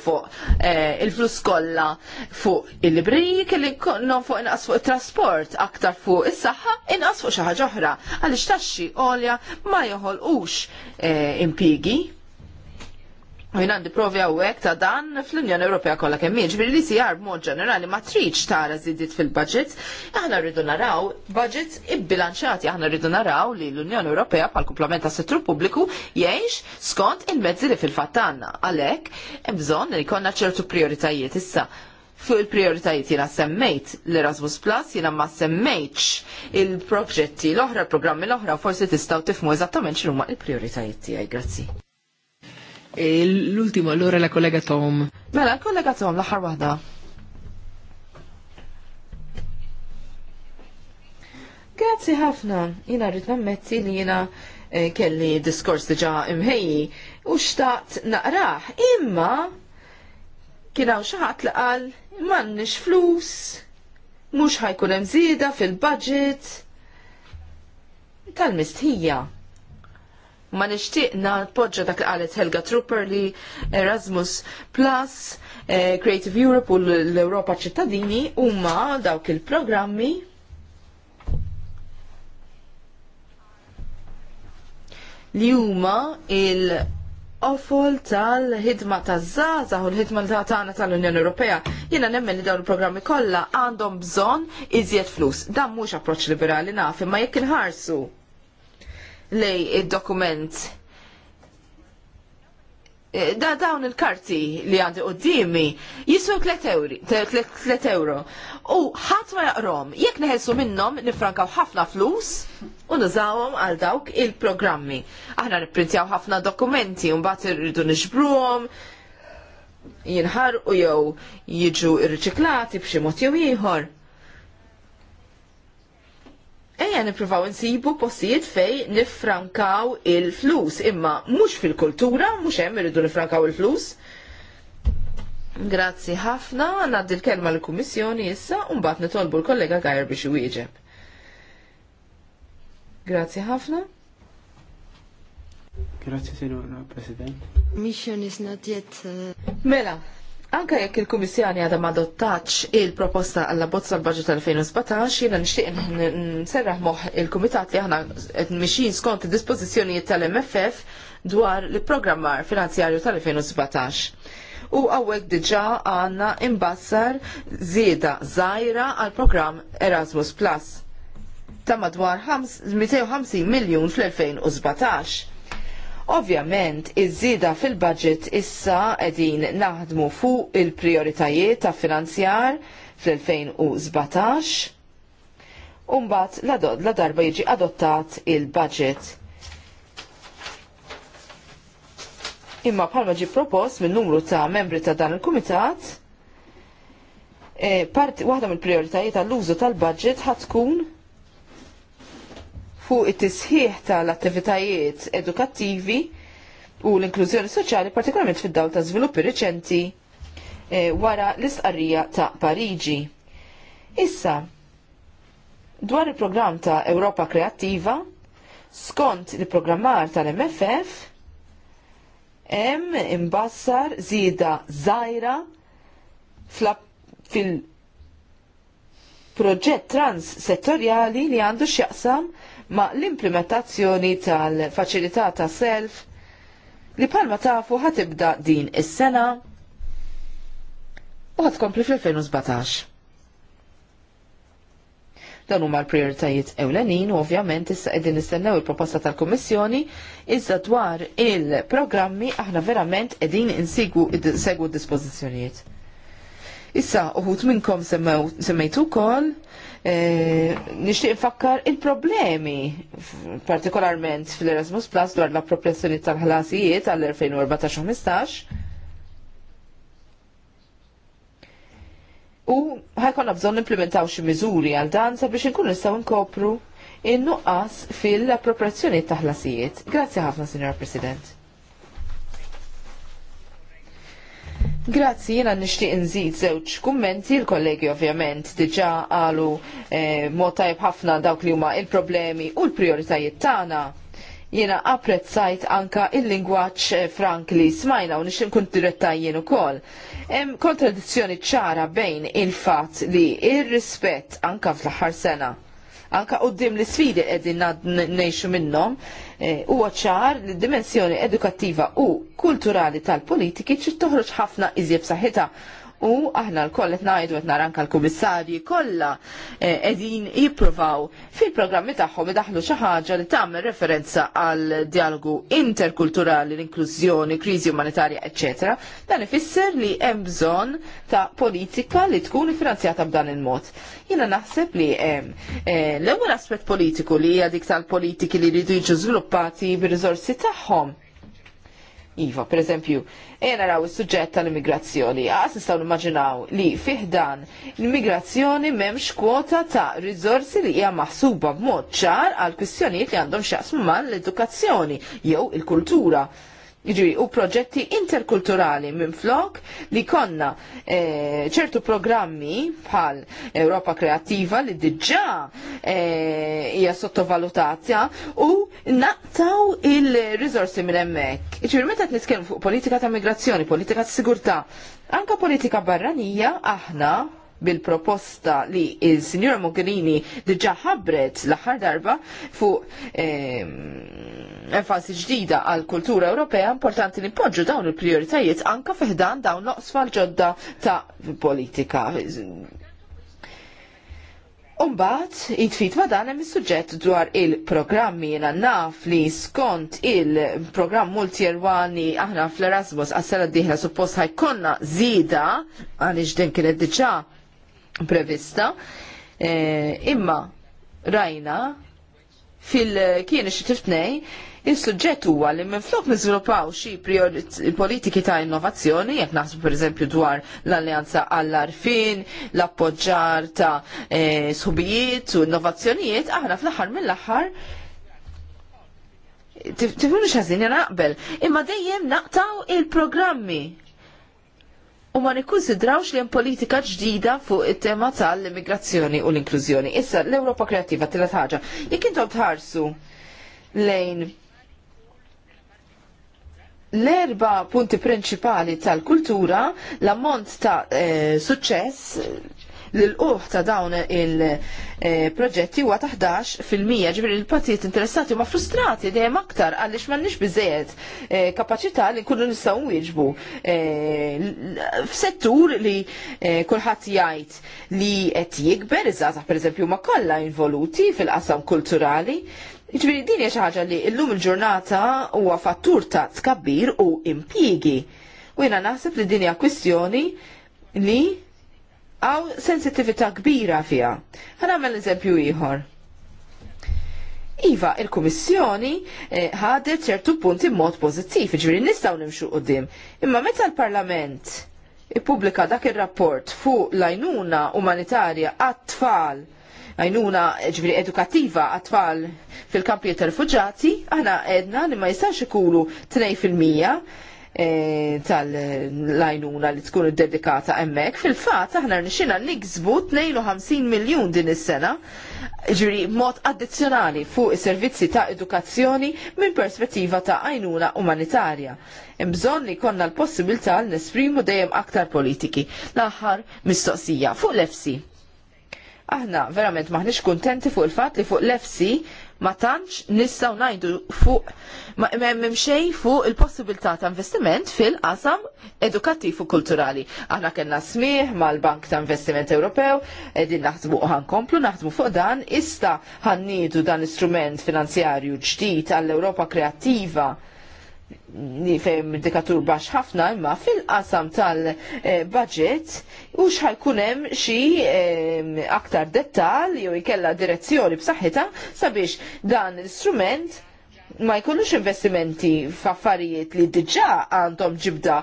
fuq eh, il-flus kollha fuq il-libri, kelli fuq inqas fuq it-trasport, aktar fuq is-saħħa, inqas fuq xi ħaġa oħra. Għaliex taxxi għolja ma joħolqux eh, impigi Jien għandi provi għawek ta' dan fl-Unjoni Ewropea kollha kemm jiġri li si jarb b'mod ġenerali ma triċ tara żidiet fil-budget, aħna rridu naraw budget ibbilanċati, aħna rridu naraw li l-Unjoni Ewropea pal kumplament ta' settur pubbliku jgħix skont il-mezzi li fil-fatt għandna. Għalhekk hemm bżonn li jkollna ċertu prioritajiet issa fuq il-prioritajiet jiena semmejt l-Erasmus Plus, jiena ma semmejtx il-proġetti l-oħra, il programmi l-oħra, forsi tistgħu tifmu eżattament x'inhuma il prioritajiet tiegħi. Grazzi. E l-ultimo, allora la kollega Tom. Mela, kollega Tom, l-aħħar waħda. Grazzi ħafna, jina rrit nammetti li jina eh, kelli diskors diġa imħeji u xtaqt naqraħ, imma kienaw xaħat li qal mannix flus, mux ħajkun hemm fil-budget tal-mistħija ma nishtiqna podġa dak li qalet Helga Trooper li Erasmus Plus, eh, Creative Europe u l-Europa ċittadini huma dawk il-programmi li huma il- Ofol tal-ħidma taż-żgħażagħ u l-ħidma tana tal-Unjoni Ewropea jiena nemmen li dawn il-programmi kollha għandhom bżonn iżjed flus. Dan mhux approċċ liberali nafi ma jekk inħarsu lej id-dokument. E, da dawn il-karti li għandi dimi jiswu 3 euro. U ħadd ma jaqrom, jekk neħelsu minnhom nifrankaw ħafna flus u nużawhom għal dawk il-programmi. Aħna nipprintjaw ħafna dokumenti u mbagħad irridu nixbruhom jinħarqu jew jiġu rriċiklati b'xi mod jew ieħor. Ejja nipruvaw nsibu postijiet fej nifrankaw il-flus, imma mhux fil-kultura, mhux hemm irridu nifrankaw il-flus. Grazzi ħafna, ngħaddi l-kelma l-Kummissjoni issa u mbagħad nitolbu l-kollega Gajer biex iwieġeb. Grazzi ħafna. Grazzi, Sinora President. Mission is not yet... Uh... Mela, Anka jekk il-Kummissjoni għadha ma dottax il-proposta għall bozza l-Baġġet 2017, jiena nixtieq nserraħ moħ il-Kumitat li aħna qed mixin skont id-dispożizzjonijiet tal-MFF dwar il-programmar finanzjarju tal-2017. U għawek diġa għanna imbassar zieda zaħira għal programm Erasmus Plus ta' madwar 250 miljon fl-2017 Ovvjament, iż-żida fil-budget issa qegħdin naħdmu fuq il-prioritajiet ta' finanzjar fl-2017 Umbat la, la darba jiġi adottat il-budget. Imma bħalma ġi propost minn numru ta' membri ta' dan il-Kumitat, e, waħda mill-prioritajiet tal-użu tal-budget ħatkun tkun fuq it-tisħiħ tal-attivitajiet edukattivi u l-inklużjoni soċjali partikolarment fid-dawl ta' żviluppi riċenti e, wara l-istqarrija ta' Pariġi. Issa, dwar il-programm ta' Ewropa Kreattiva, skont il-programmar tal-MFF, hemm imbassar żieda żgħira fil-proġett trans settorjali li għandu x'jaqsam ma l-implementazzjoni tal-faċilità ta' self li palma tafu ħatibda din is-sena u ħatkompli fl-2017. Dan huma l-prioritajiet ewlenin u ovvjament issa qegħdin nistennew il-proposta tal-Kummissjoni iżda dwar il-programmi aħna verament qegħdin segwu d-dispożizzjonijiet. Issa uħut minnkom semmejtu kol Eh, nixtieq infakkar il-problemi partikolarment fil-Erasmus Plus dwar l-appropriazzjoni tal-ħlasijiet għall-2014-15 U ħajkonna bżon implementaw xi miżuri għal dan sabiex inkunu nistgħu nkopru in-nuqqas fil-appropriazzjoni ta' ħlasijiet. Grazzi ħafna, Signor President. Grazzi, jina nishtiq nżid żewġ kummenti, il-kollegi ovvjament diġa għalu eh, ħafna dawk li huma il-problemi u l-prioritajiet tagħna. Jena apprezzajt anka il-lingwaġġ eh, frank li smajna u nixtieq nkun diretta jien ukoll. Hemm kontradizzjoni ċara bejn il-fatt li ir-rispett anka fl-aħħar sena anka qudiem l-isfidi qegħdin ngħixu minnhom Eh, huwa ċar li d-dimensjoni edukattiva u kulturali tal-politiki ċi toħroġ ħafna iżjeb saħita u aħna l-koll qed ngħidu qed naranka l-kummissarji kollha eh, qegħdin jippruvaw fil-programmi tagħhom idaħlu xi ħaġa li tagħmel referenza għal dialogu interkulturali, l-inklużjoni, kriżi umanitarja, eċċetera. Dan ifisser li hemm bżonn ta' politika li tkun finanzjata b'dan il-mod. Jiena naħseb li eh, eh, l-ewwel aspett politiku li hija dik tal-politiki li rridu jiġu żviluppati bir rizorsi tagħhom Iva, per eżempju, jena raw il sujġet tal-immigrazzjoni. Għas ah, nistaw nimmaġinaw li fiħdan l-immigrazzjoni memx kwota ta' rizorsi li hija maħsuba b'mod ċar għal kwistjonijiet li għandhom xaqsmu mal l-edukazzjoni jew il-kultura. Jiġri, u proġetti interkulturali minn flok li konna eh, ċertu programmi bħal Europa Kreativa li diġa eh, hija e, sottovalutata u naqtaw il-rizorsi minn hemmhekk. Jiġri, meta t nitkellmu fuq politika ta' migrazzjoni, politika ta' sigurtà, anka politika barranija aħna bil-proposta li il sinjor Mogherini diġa ħabret l-aħħar darba fuq ehm, enfasi ġdida għal kultura Ewropea importanti li poġġu dawn il-prioritajiet anka fiħdan dawn l-oqsfa l-ġodda ta' politika. Umbat, id-fit ma dan hemm is-suġġett dwar il-programmi jiena naf li skont il-programm multjerwani aħna fl-Erasmus għas-sena d-dieħla suppost ħajkonna żieda għaliex din kienet diġà prevista. E, imma rajna fil-kien xitifnej il suġġett huwa li minflok niżviluppaw xi politiki ta' innovazzjoni, jekk naħsbu pereżempju dwar l-Alleanza għall-arfin, l-appoġġar ta' e, subijiet u innovazzjonijiet, aħna fl-aħħar mill-aħħar tifunu xazin naqbel, imma dejjem naqtaw il-programmi u ma nikkonsidrawx li hemm politika ġdida fuq it-tema tal-immigrazzjoni u l-inklużjoni. Issa l-Ewropa Kreattiva tielet ħaġa. Jekk intom tħarsu lejn l-erba punti prinċipali tal-kultura, l-ammont ta' eh, suċċess l-uħ ta' dawn il-proġetti huwa ta' 11% ġifieri il patijiet interessati huma frustrati dejjem aktar għaliex m'għandniex biżejjed eh, kapaċità li nkunu nistgħu wieġbu. Eh, f'settur li eh, kulħadd jgħid li qed jikber iż pereżempju ma kollha involuti fil-qasam kulturali Ġviri, din hija xi ħaġa li llum il-ġurnata huwa fattur ta' tkabbir u impjiegi. U jena naħseb li din hija kwistjoni li għaw sensitivita kbira fija. Għanamel eżempju ieħor. Iva, il-Komissjoni eh, ħadet eh, ċertu punti mod pozittiv, ġviri jiġifieri nistaw nimxu dim. Imma meta l-Parlament ippubblika dak il-rapport fuq l-ajnuna umanitarja għat-tfal, lajnuna eh, ġviri edukattiva għat-tfal fil-kampijiet tal-refugġati, aħna edna li ma jistax ikulu 2% E, tal-lajnuna li tkun dedikata emmek, fil-fat aħna nixina niksbu 52 miljon din is-sena, ġiri mod addizzjonali fuq is-servizzi ta' edukazzjoni minn perspettiva ta' għajnuna umanitarja. Imbżon li konna l-possibilità l nesprimu dejjem aktar politiki. L-aħħar mistoqsija fuq l-FC. Aħna verament maħniex kuntenti fuq il-fat li fuq l-FC ma tantx nistgħu ngħidu fuq m'hemm xejn fuq il-possibilità ta' investiment fil-qasam edukattiv u kulturali. Aħna kellna smih mal-Bank ta' Investiment Ewropew, qegħdin naħdmu ħankomplu naħdmu fuq dan, issa ħannidu dan l-istrument finanzjarju ġdid għall-Ewropa Kreattiva fejn indikatur baxx ħafna imma fil-qasam tal-budget u xħajkunem xi aktar dettal jew ikella direzzjoni b'saħħitha sabiex dan l-istrument ma jkunux investimenti f'affarijiet li diġà għandhom ġibda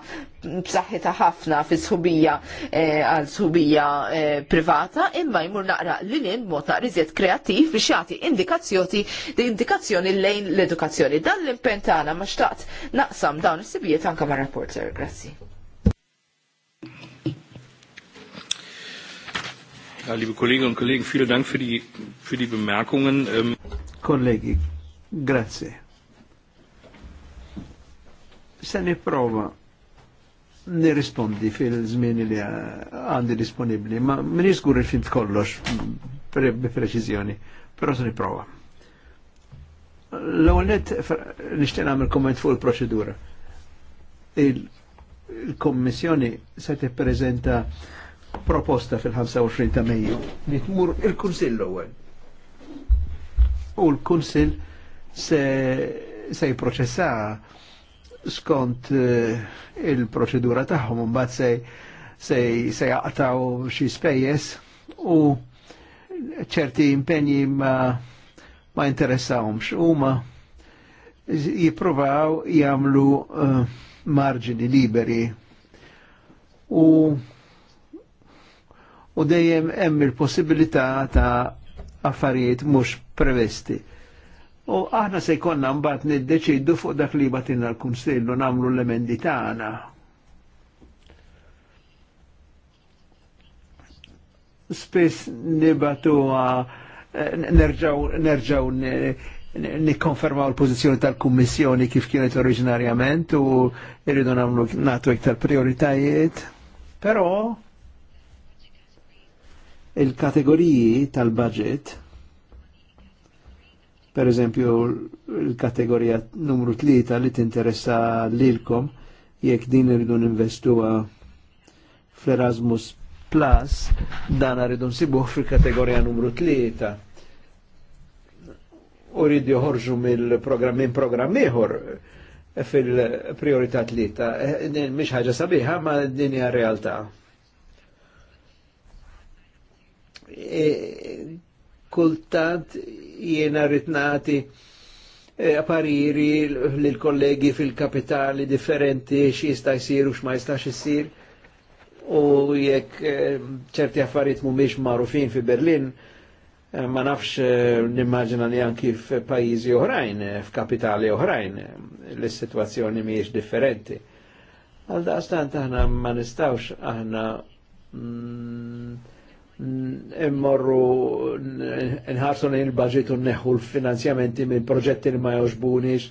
b'saħħitha ħafna fi sħubija eh, għal sħubija eh, privata imma jmur naqra li lin mod naqra iżjed kreattiv biex jagħti indikazzjoni indikazzjoni lejn l-edukazzjoni. Dan l impentana ma xtaqt naqsam dawn is-sibijiet anke ma' rapporter. Grazzi. Ja, liebe Kolleginnen und Kollegen, vielen Dank für die, für die Bemerkungen. Ähm, Kollegi, grazie. Se nipprova nirrispondi fil-żmien li għandi disponibli, ma minix żgur il-fint kollox bi preċiżjoni, però se nipprova. L-ewwel net nixtieq nagħmel komment fuq il-proċedura. Il-Kommissjoni se tippreżenta proposta fil-25 ta' Mejju li tmur il-Kunsill l-ewwel. U l-Kunsill se se skont eh, il-proċedura tagħhom mbagħad se se sej jaqtaw xi spejjeż u ċerti impenji ma ma interessawhomx huma jippruvaw jagħmlu uh, marġini liberi u u dejjem hemm il-possibilità ta' affarijiet mhux prevesti U aħna se jkollna mbagħad niddeċidu fuq dak li batinna l-Kunsillu nagħmlu l-emendi tagħna. Spiss nibatu eh, nerġaw nerġaw nikkonfermaw l-pożizzjoni tal-Kummissjoni kif kienet oriġinarjament u irridu nagħmlu nagħtu iktar prioritajiet. Però il-kategoriji tal-budget per eżempju l-kategorija numru 3 li tinteressa lilkom jekk din irridu investu fl-Erasmus Plus dan rridu nsibuh fil-kategorija numru 3 u rridu joħorġu mill-programm minn programm ieħor fil-priorità tlieta. Eh, mhix ħaġa sabiħa ma din hija realtà. E, kultant jiena ritnati eh, pariri lil kollegi fil-kapitali differenti jista' jsir u x'ma jistax issir. U jekk eh, ċerti affarijiet mhumiex magħrufin fi Berlin, eh, ma nafx nimmaġina li anki f'pajjiżi oħrajn, f'kapitali oħrajn, l-sitwazzjoni mhijiex differenti. Għal daqstant aħna ma nistawx aħna mm, immorru nħarsu in il-budget u neħu l-finanzjamenti minn proġetti li ma joġbunix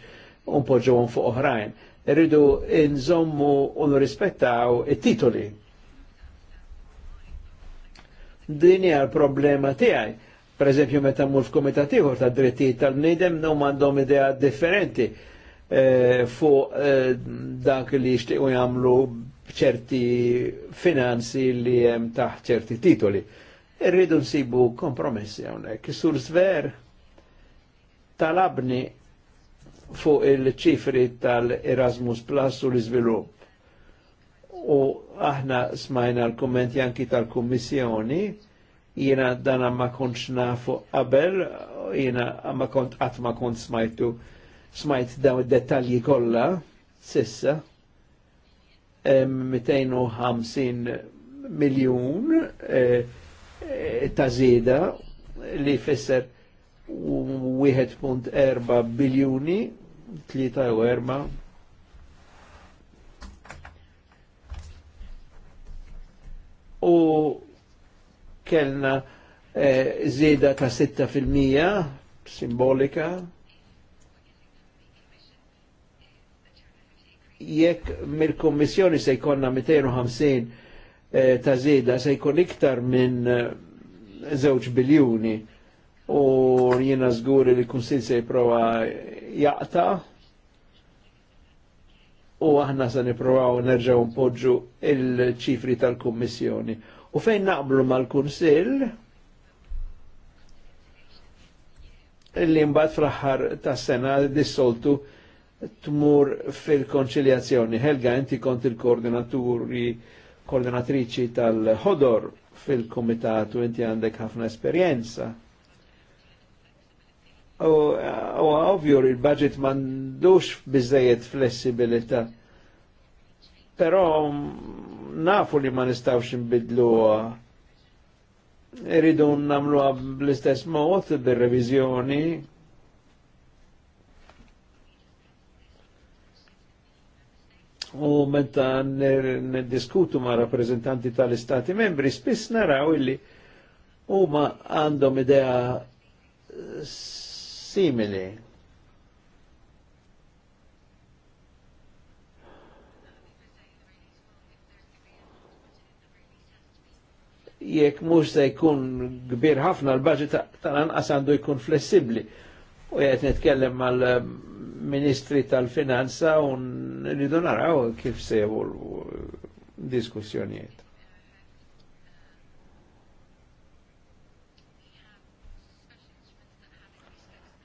un poġġawon fuq oħrajn. Rridu nżommu u nrispettaw it-titoli. Din hija l-problema tiegħi. Per eżempju, meta mmur f'kumitat ieħor ta' drittijiet tal nidem huma għandhom idea differenti eh, fuq eh, dak li jixtiequ jagħmlu ċerti finanzi li hemm taħt ċerti titoli. Irridu nsibu kompromessi hawnhekk. Sur Zver talabni fuq il-ċifri tal-Erasmus Plus u l-iżvilupp. U aħna smajna l komment anki tal-Kummissjoni, jiena dan ma kontx nafu qabel, jiena ma kont qatt ma kont smajtu smajt dawn id-dettalji kollha sissa. 250 miljon eh, eh, ta' zida li fisser 1.4 biljuni 3.4 u kellna eh, zida ta' 6% simbolika jekk mill-Kommissjoni se jkollna 250 eh, ta' zida se jkun iktar minn eh, żewġ biljuni u jiena żgur li l-Kunsil se jipprova jaqta' u aħna se nipprovaw nerġgħu npoġġu il-ċifri tal-Kummissjoni. U fejn naqblu mal-Kunsill illi mbagħad fl-aħħar tas-sena dissoltu tmur fil-konċiljazzjoni. Helga, inti kont il-koordinaturi, koordinatriċi tal-ħodor fil-komitat u inti għandek ħafna esperienza. U ovvju il-budget mandux bizzejiet flessibilita. Pero mm, nafu li ma nistawx nbidluha irridu namluha l istess mod bil-revizjoni, U menta n-diskutu ma' rappresentanti tal-Istati membri, spiss naraw illi u ma għandhom idea eh, simili. Jek mux se jkun gbir ħafna l-baġit tal-anqas għandu jkun flessibli u jgħet nitkellem mal eh, ministri tal-finanza u rridu naraw kif sewu eh, diskussjonijiet.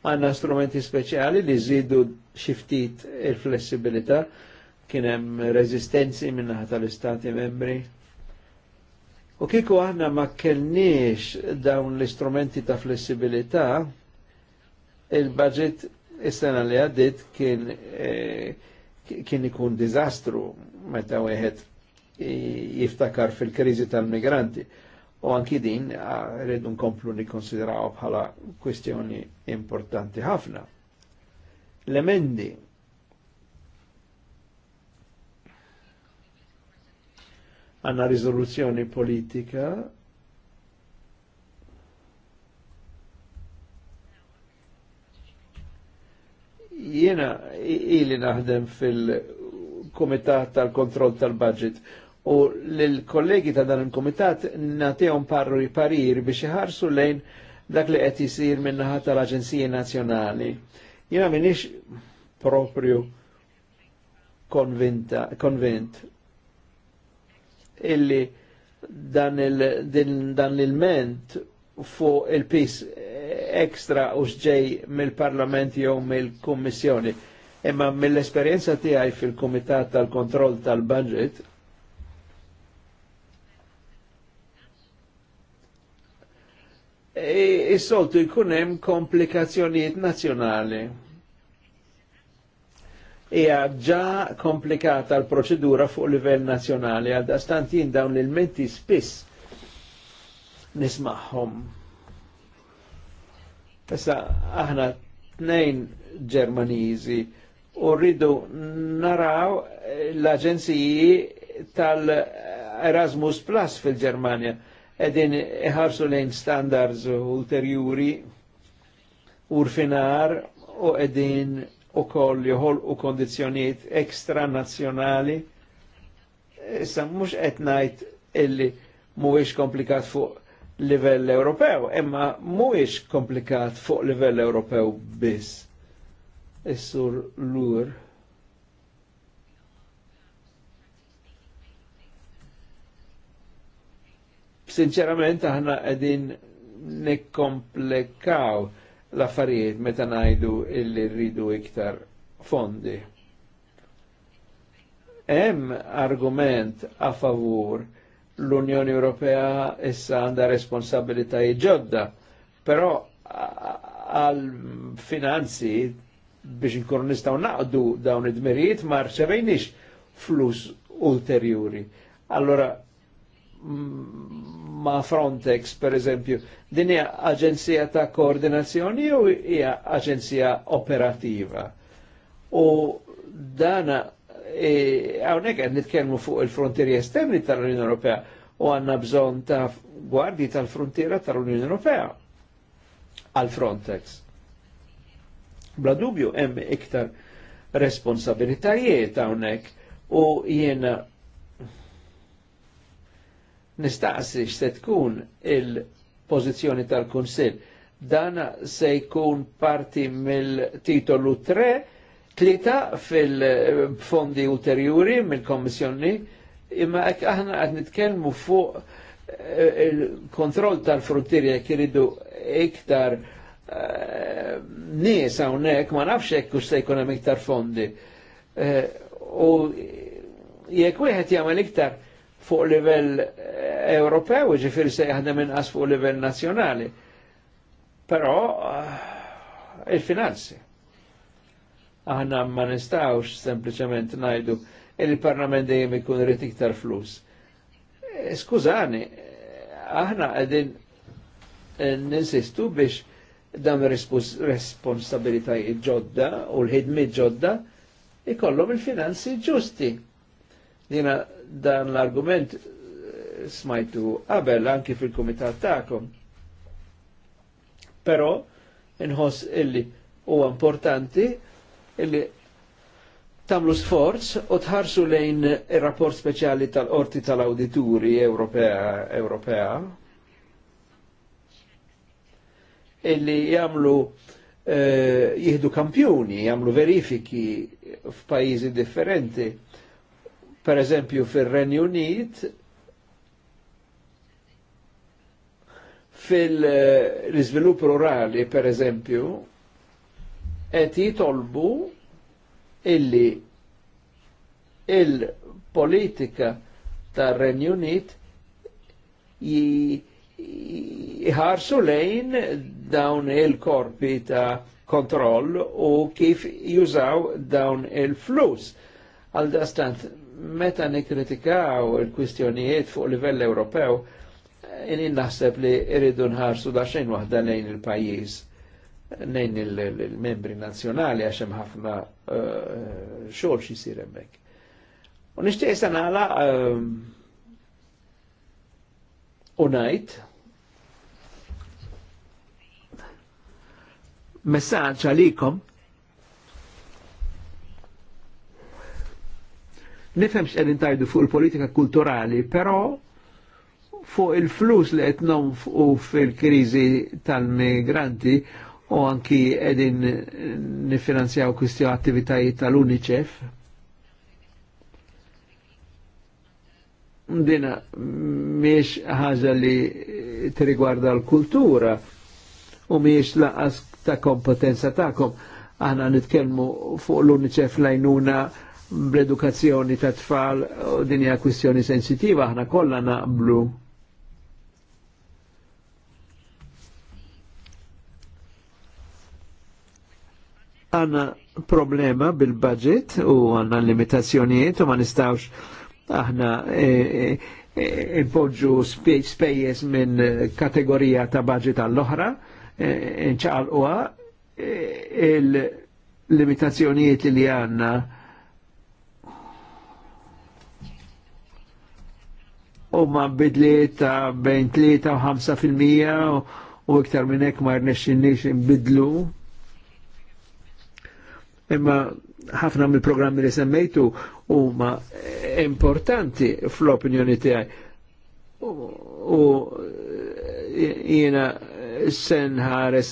Għanna strumenti speċjali li zidu xiftit il-flessibilità kienem rezistenzi minnaħa tal-istati membri. U kiku aħna ma kellniex dawn l-istrumenti ta' flessibilità, il-budget is-sena li għaddit kien eh, kien ikun dizastru meta wieħed jiftakar fil-kriżi tal-migranti. U anki din ah, rridu nkomplu nikkonsidraw bħala kwistjoni importanti ħafna. L-emendi għanna rizoluzzjoni politika Jiena ili naħdem fil-Komitat tal-Kontroll tal-Budget u l-kollegi ta' dan il-Komitat natihom parru parir biex iħarsu lejn dak li qed isir minnaħa tal-Aġenziji Nazzjonali. Jiena minix propju konvinta, konvint illi dan il-ment fuq il-pis ekstra uġġej xġej mill-Parlament jew mill kommissjoni Imma mill esperienza tiegħi fil-Kumitat tal-Kontroll tal-Budget, is-soltu jkun hemm komplikazzjonijiet nazzjonali. Hija ġa komplikata l-proċedura fuq livell nazzjonali għal dastant jien dawn il-menti spiss nismaħħom. Issa aħna tnejn Ġermaniżi u rridu naraw l-aġenziji tal-Erasmus Plus fil ġermania edin iħarsu lejn standards ulterjuri urfinar u edin u koll joħol u kondizjoniet ekstra nazjonali. Issa mux etnajt illi muwix komplikat fuq livell Ewropew, imma mhuwiex komplikat fuq livell Ewropew biss. Is-sur lur. Sinċerament aħna qegħdin nikkomplikaw l-affarijiet meta ngħidu illi rridu iktar fondi. Hemm argument a favur l-Unjoni Ewropea issa għanda responsabilità ġodda, però għal finanzi biex nkunu nistgħu naqdu dawn id-dmirijiet ma rċevejniex flus ulterjuri. Allora ma' Frontex, per eżempju, din hija aġenzija ta' koordinazzjoni u hija aġenzija operativa. U dana E, għawnek għan nitkellmu fuq il-frontieri esterni tal-Unjoni Ewropea u għanna bżon ta' gwardi tal-frontiera tal-Unjoni Ewropea għal Frontex. Bla dubju hemm iktar responsabilitajiet hawnhekk u jiena nistaqsi x'se tkun il-pożizzjoni tal-Kunsill. Dana se jkun parti mill-titolu 3 tlita fil-fondi ulterjuri mill-Kommissjoni, imma aħna għad nitkelmu fuq eh, il-kontroll tal-frontieri kiridu iktar uh, nies hawnhekk ma nafx hekk u se jkun hemm iktar fondi. Eh, u jekk wieħed jagħmel iktar fuq livell Ewropew, ġifieri se jaħdem inqas fuq livell nazzjonali. Però il-finanzi. Aħna ma nistawx sempliċement najdu il-parlament dejjem ikun rrit iktar flus. Eh, skużani, aħna għedin eh, ninsistu biex dam responsabilitajiet ġodda u l ħidmi ġodda ikollhom il-finanzi ġusti. Dina dan l-argument eh, smajtu qabel anki fil-kumitat tagħkom. Però inħoss illi huwa importanti illi tamlu sforz u tħarsu lejn il-rapport speċjali tal-Orti tal-Awdituri Ewropea, Ewropea illi jamlu eh, jihdu kampjoni, jamlu verifiki f'pajjiżi differenti. Per eżempju fir renju Unit fil-izvilupp eh, rurali, per eżempju, qed jitolbu illi il-politika ta' Renjunit jħarsu lejn dawn il-korpi ta' kontroll u kif jużaw dawn il-flus. Għal dastant, meta nikritikaw il-kwistjonijiet fuq livell Ewropew, eh, in naħseb li irridu nħarsu xejn wahda lejn il-pajjiż nejn il-membri nazjonali għaxem ħafna eh, xogħol xi jsir hemmhekk. U nixtieq issa nagħla eh, u ngħid messaġġ għalikom nifhem x'qegħdin tajdu fuq il-politika kulturali, però fuq il-flus li qed u fil-kriżi tal-migranti u anki edin nifinanzjaw kwistja attivitajiet tal-UNICEF. Dina miex ħaġa li t-rigwarda l-kultura u miex laqas ta' kompetenza ta'kom. Aħna nitkelmu fuq l-UNICEF lajnuna bl-edukazzjoni ta' tfal u dinja kwistjoni sensitiva, aħna kollha naqblu għanna problema bil-budget u għanna limitazzjonijiet u ma nistawx aħna e, e, e, impoġġu spejjeż spejjes minn kategorija ta' budget għall-oħra, nċaqal uwa il-limitazzjonijiet li għanna u ma bidliet ta' bejn 3 u 5 fil-mija u iktar minn hekk ma rnexxinniex inbidlu Imma ħafna mill-programmi li semmejtu huma importanti fl-opinjoni tiegħi. U jiena senħares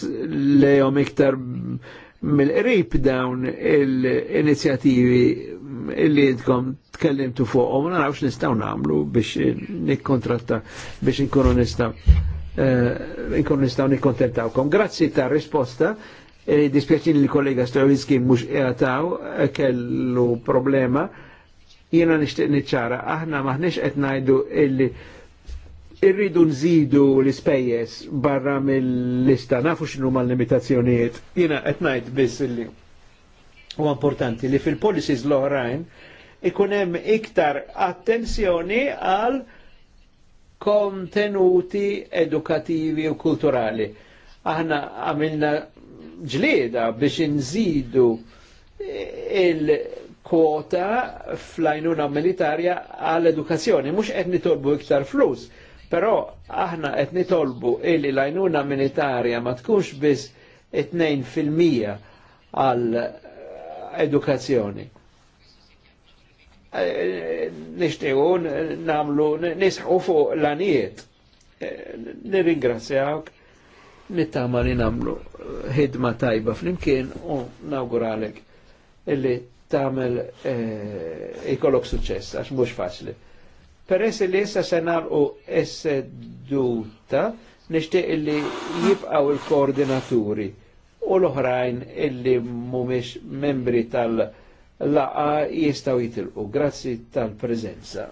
lejhom iktar mill-qrib dawn l inizjattivi illi jidkom tkellimtu fuqhom, u narawx nistgħu nagħmlu biex nikkontratta biex inkunu nistgħu eh, nistgħu nikkontentawkom. Grazzi tar risposta E dispjaċin li kollega Strawinski mux jgħataw, e kellu problema, jena nishtiq niċċara, aħna maħnix qed ngħidu illi irridu nżidu l-ispejjeż barra mill-lista, nafu x'inhu mal-limitazzjonijiet. Jiena qed ngħid biss illi huwa importanti li fil-policies l-oħrajn ikun hemm iktar attenzjoni għal kontenuti edukativi u kulturali. Aħna għamilna ġlieda biex inżidu il-kwota fl ajnuna militarja għall-edukazzjoni. Mux qed nitolbu iktar flus, però aħna qed nitolbu illi l-għajnuna militarja ma tkunx biss 2% għall-edukazzjoni nishtiqu namlu nisħu fuq l-anijiet. Niringrazzjawk nittama li namlu eh, ħidma tajba flimkien u nawguralek illi tamel eh, ikolok suċess, għax mux faċli. Peress li jessa senar u esseduta nishtiq illi jibqaw il-koordinaturi u l-oħrajn illi mumiex membri tal- laqa jistaw jitilqu. Grazzi tal-prezenza.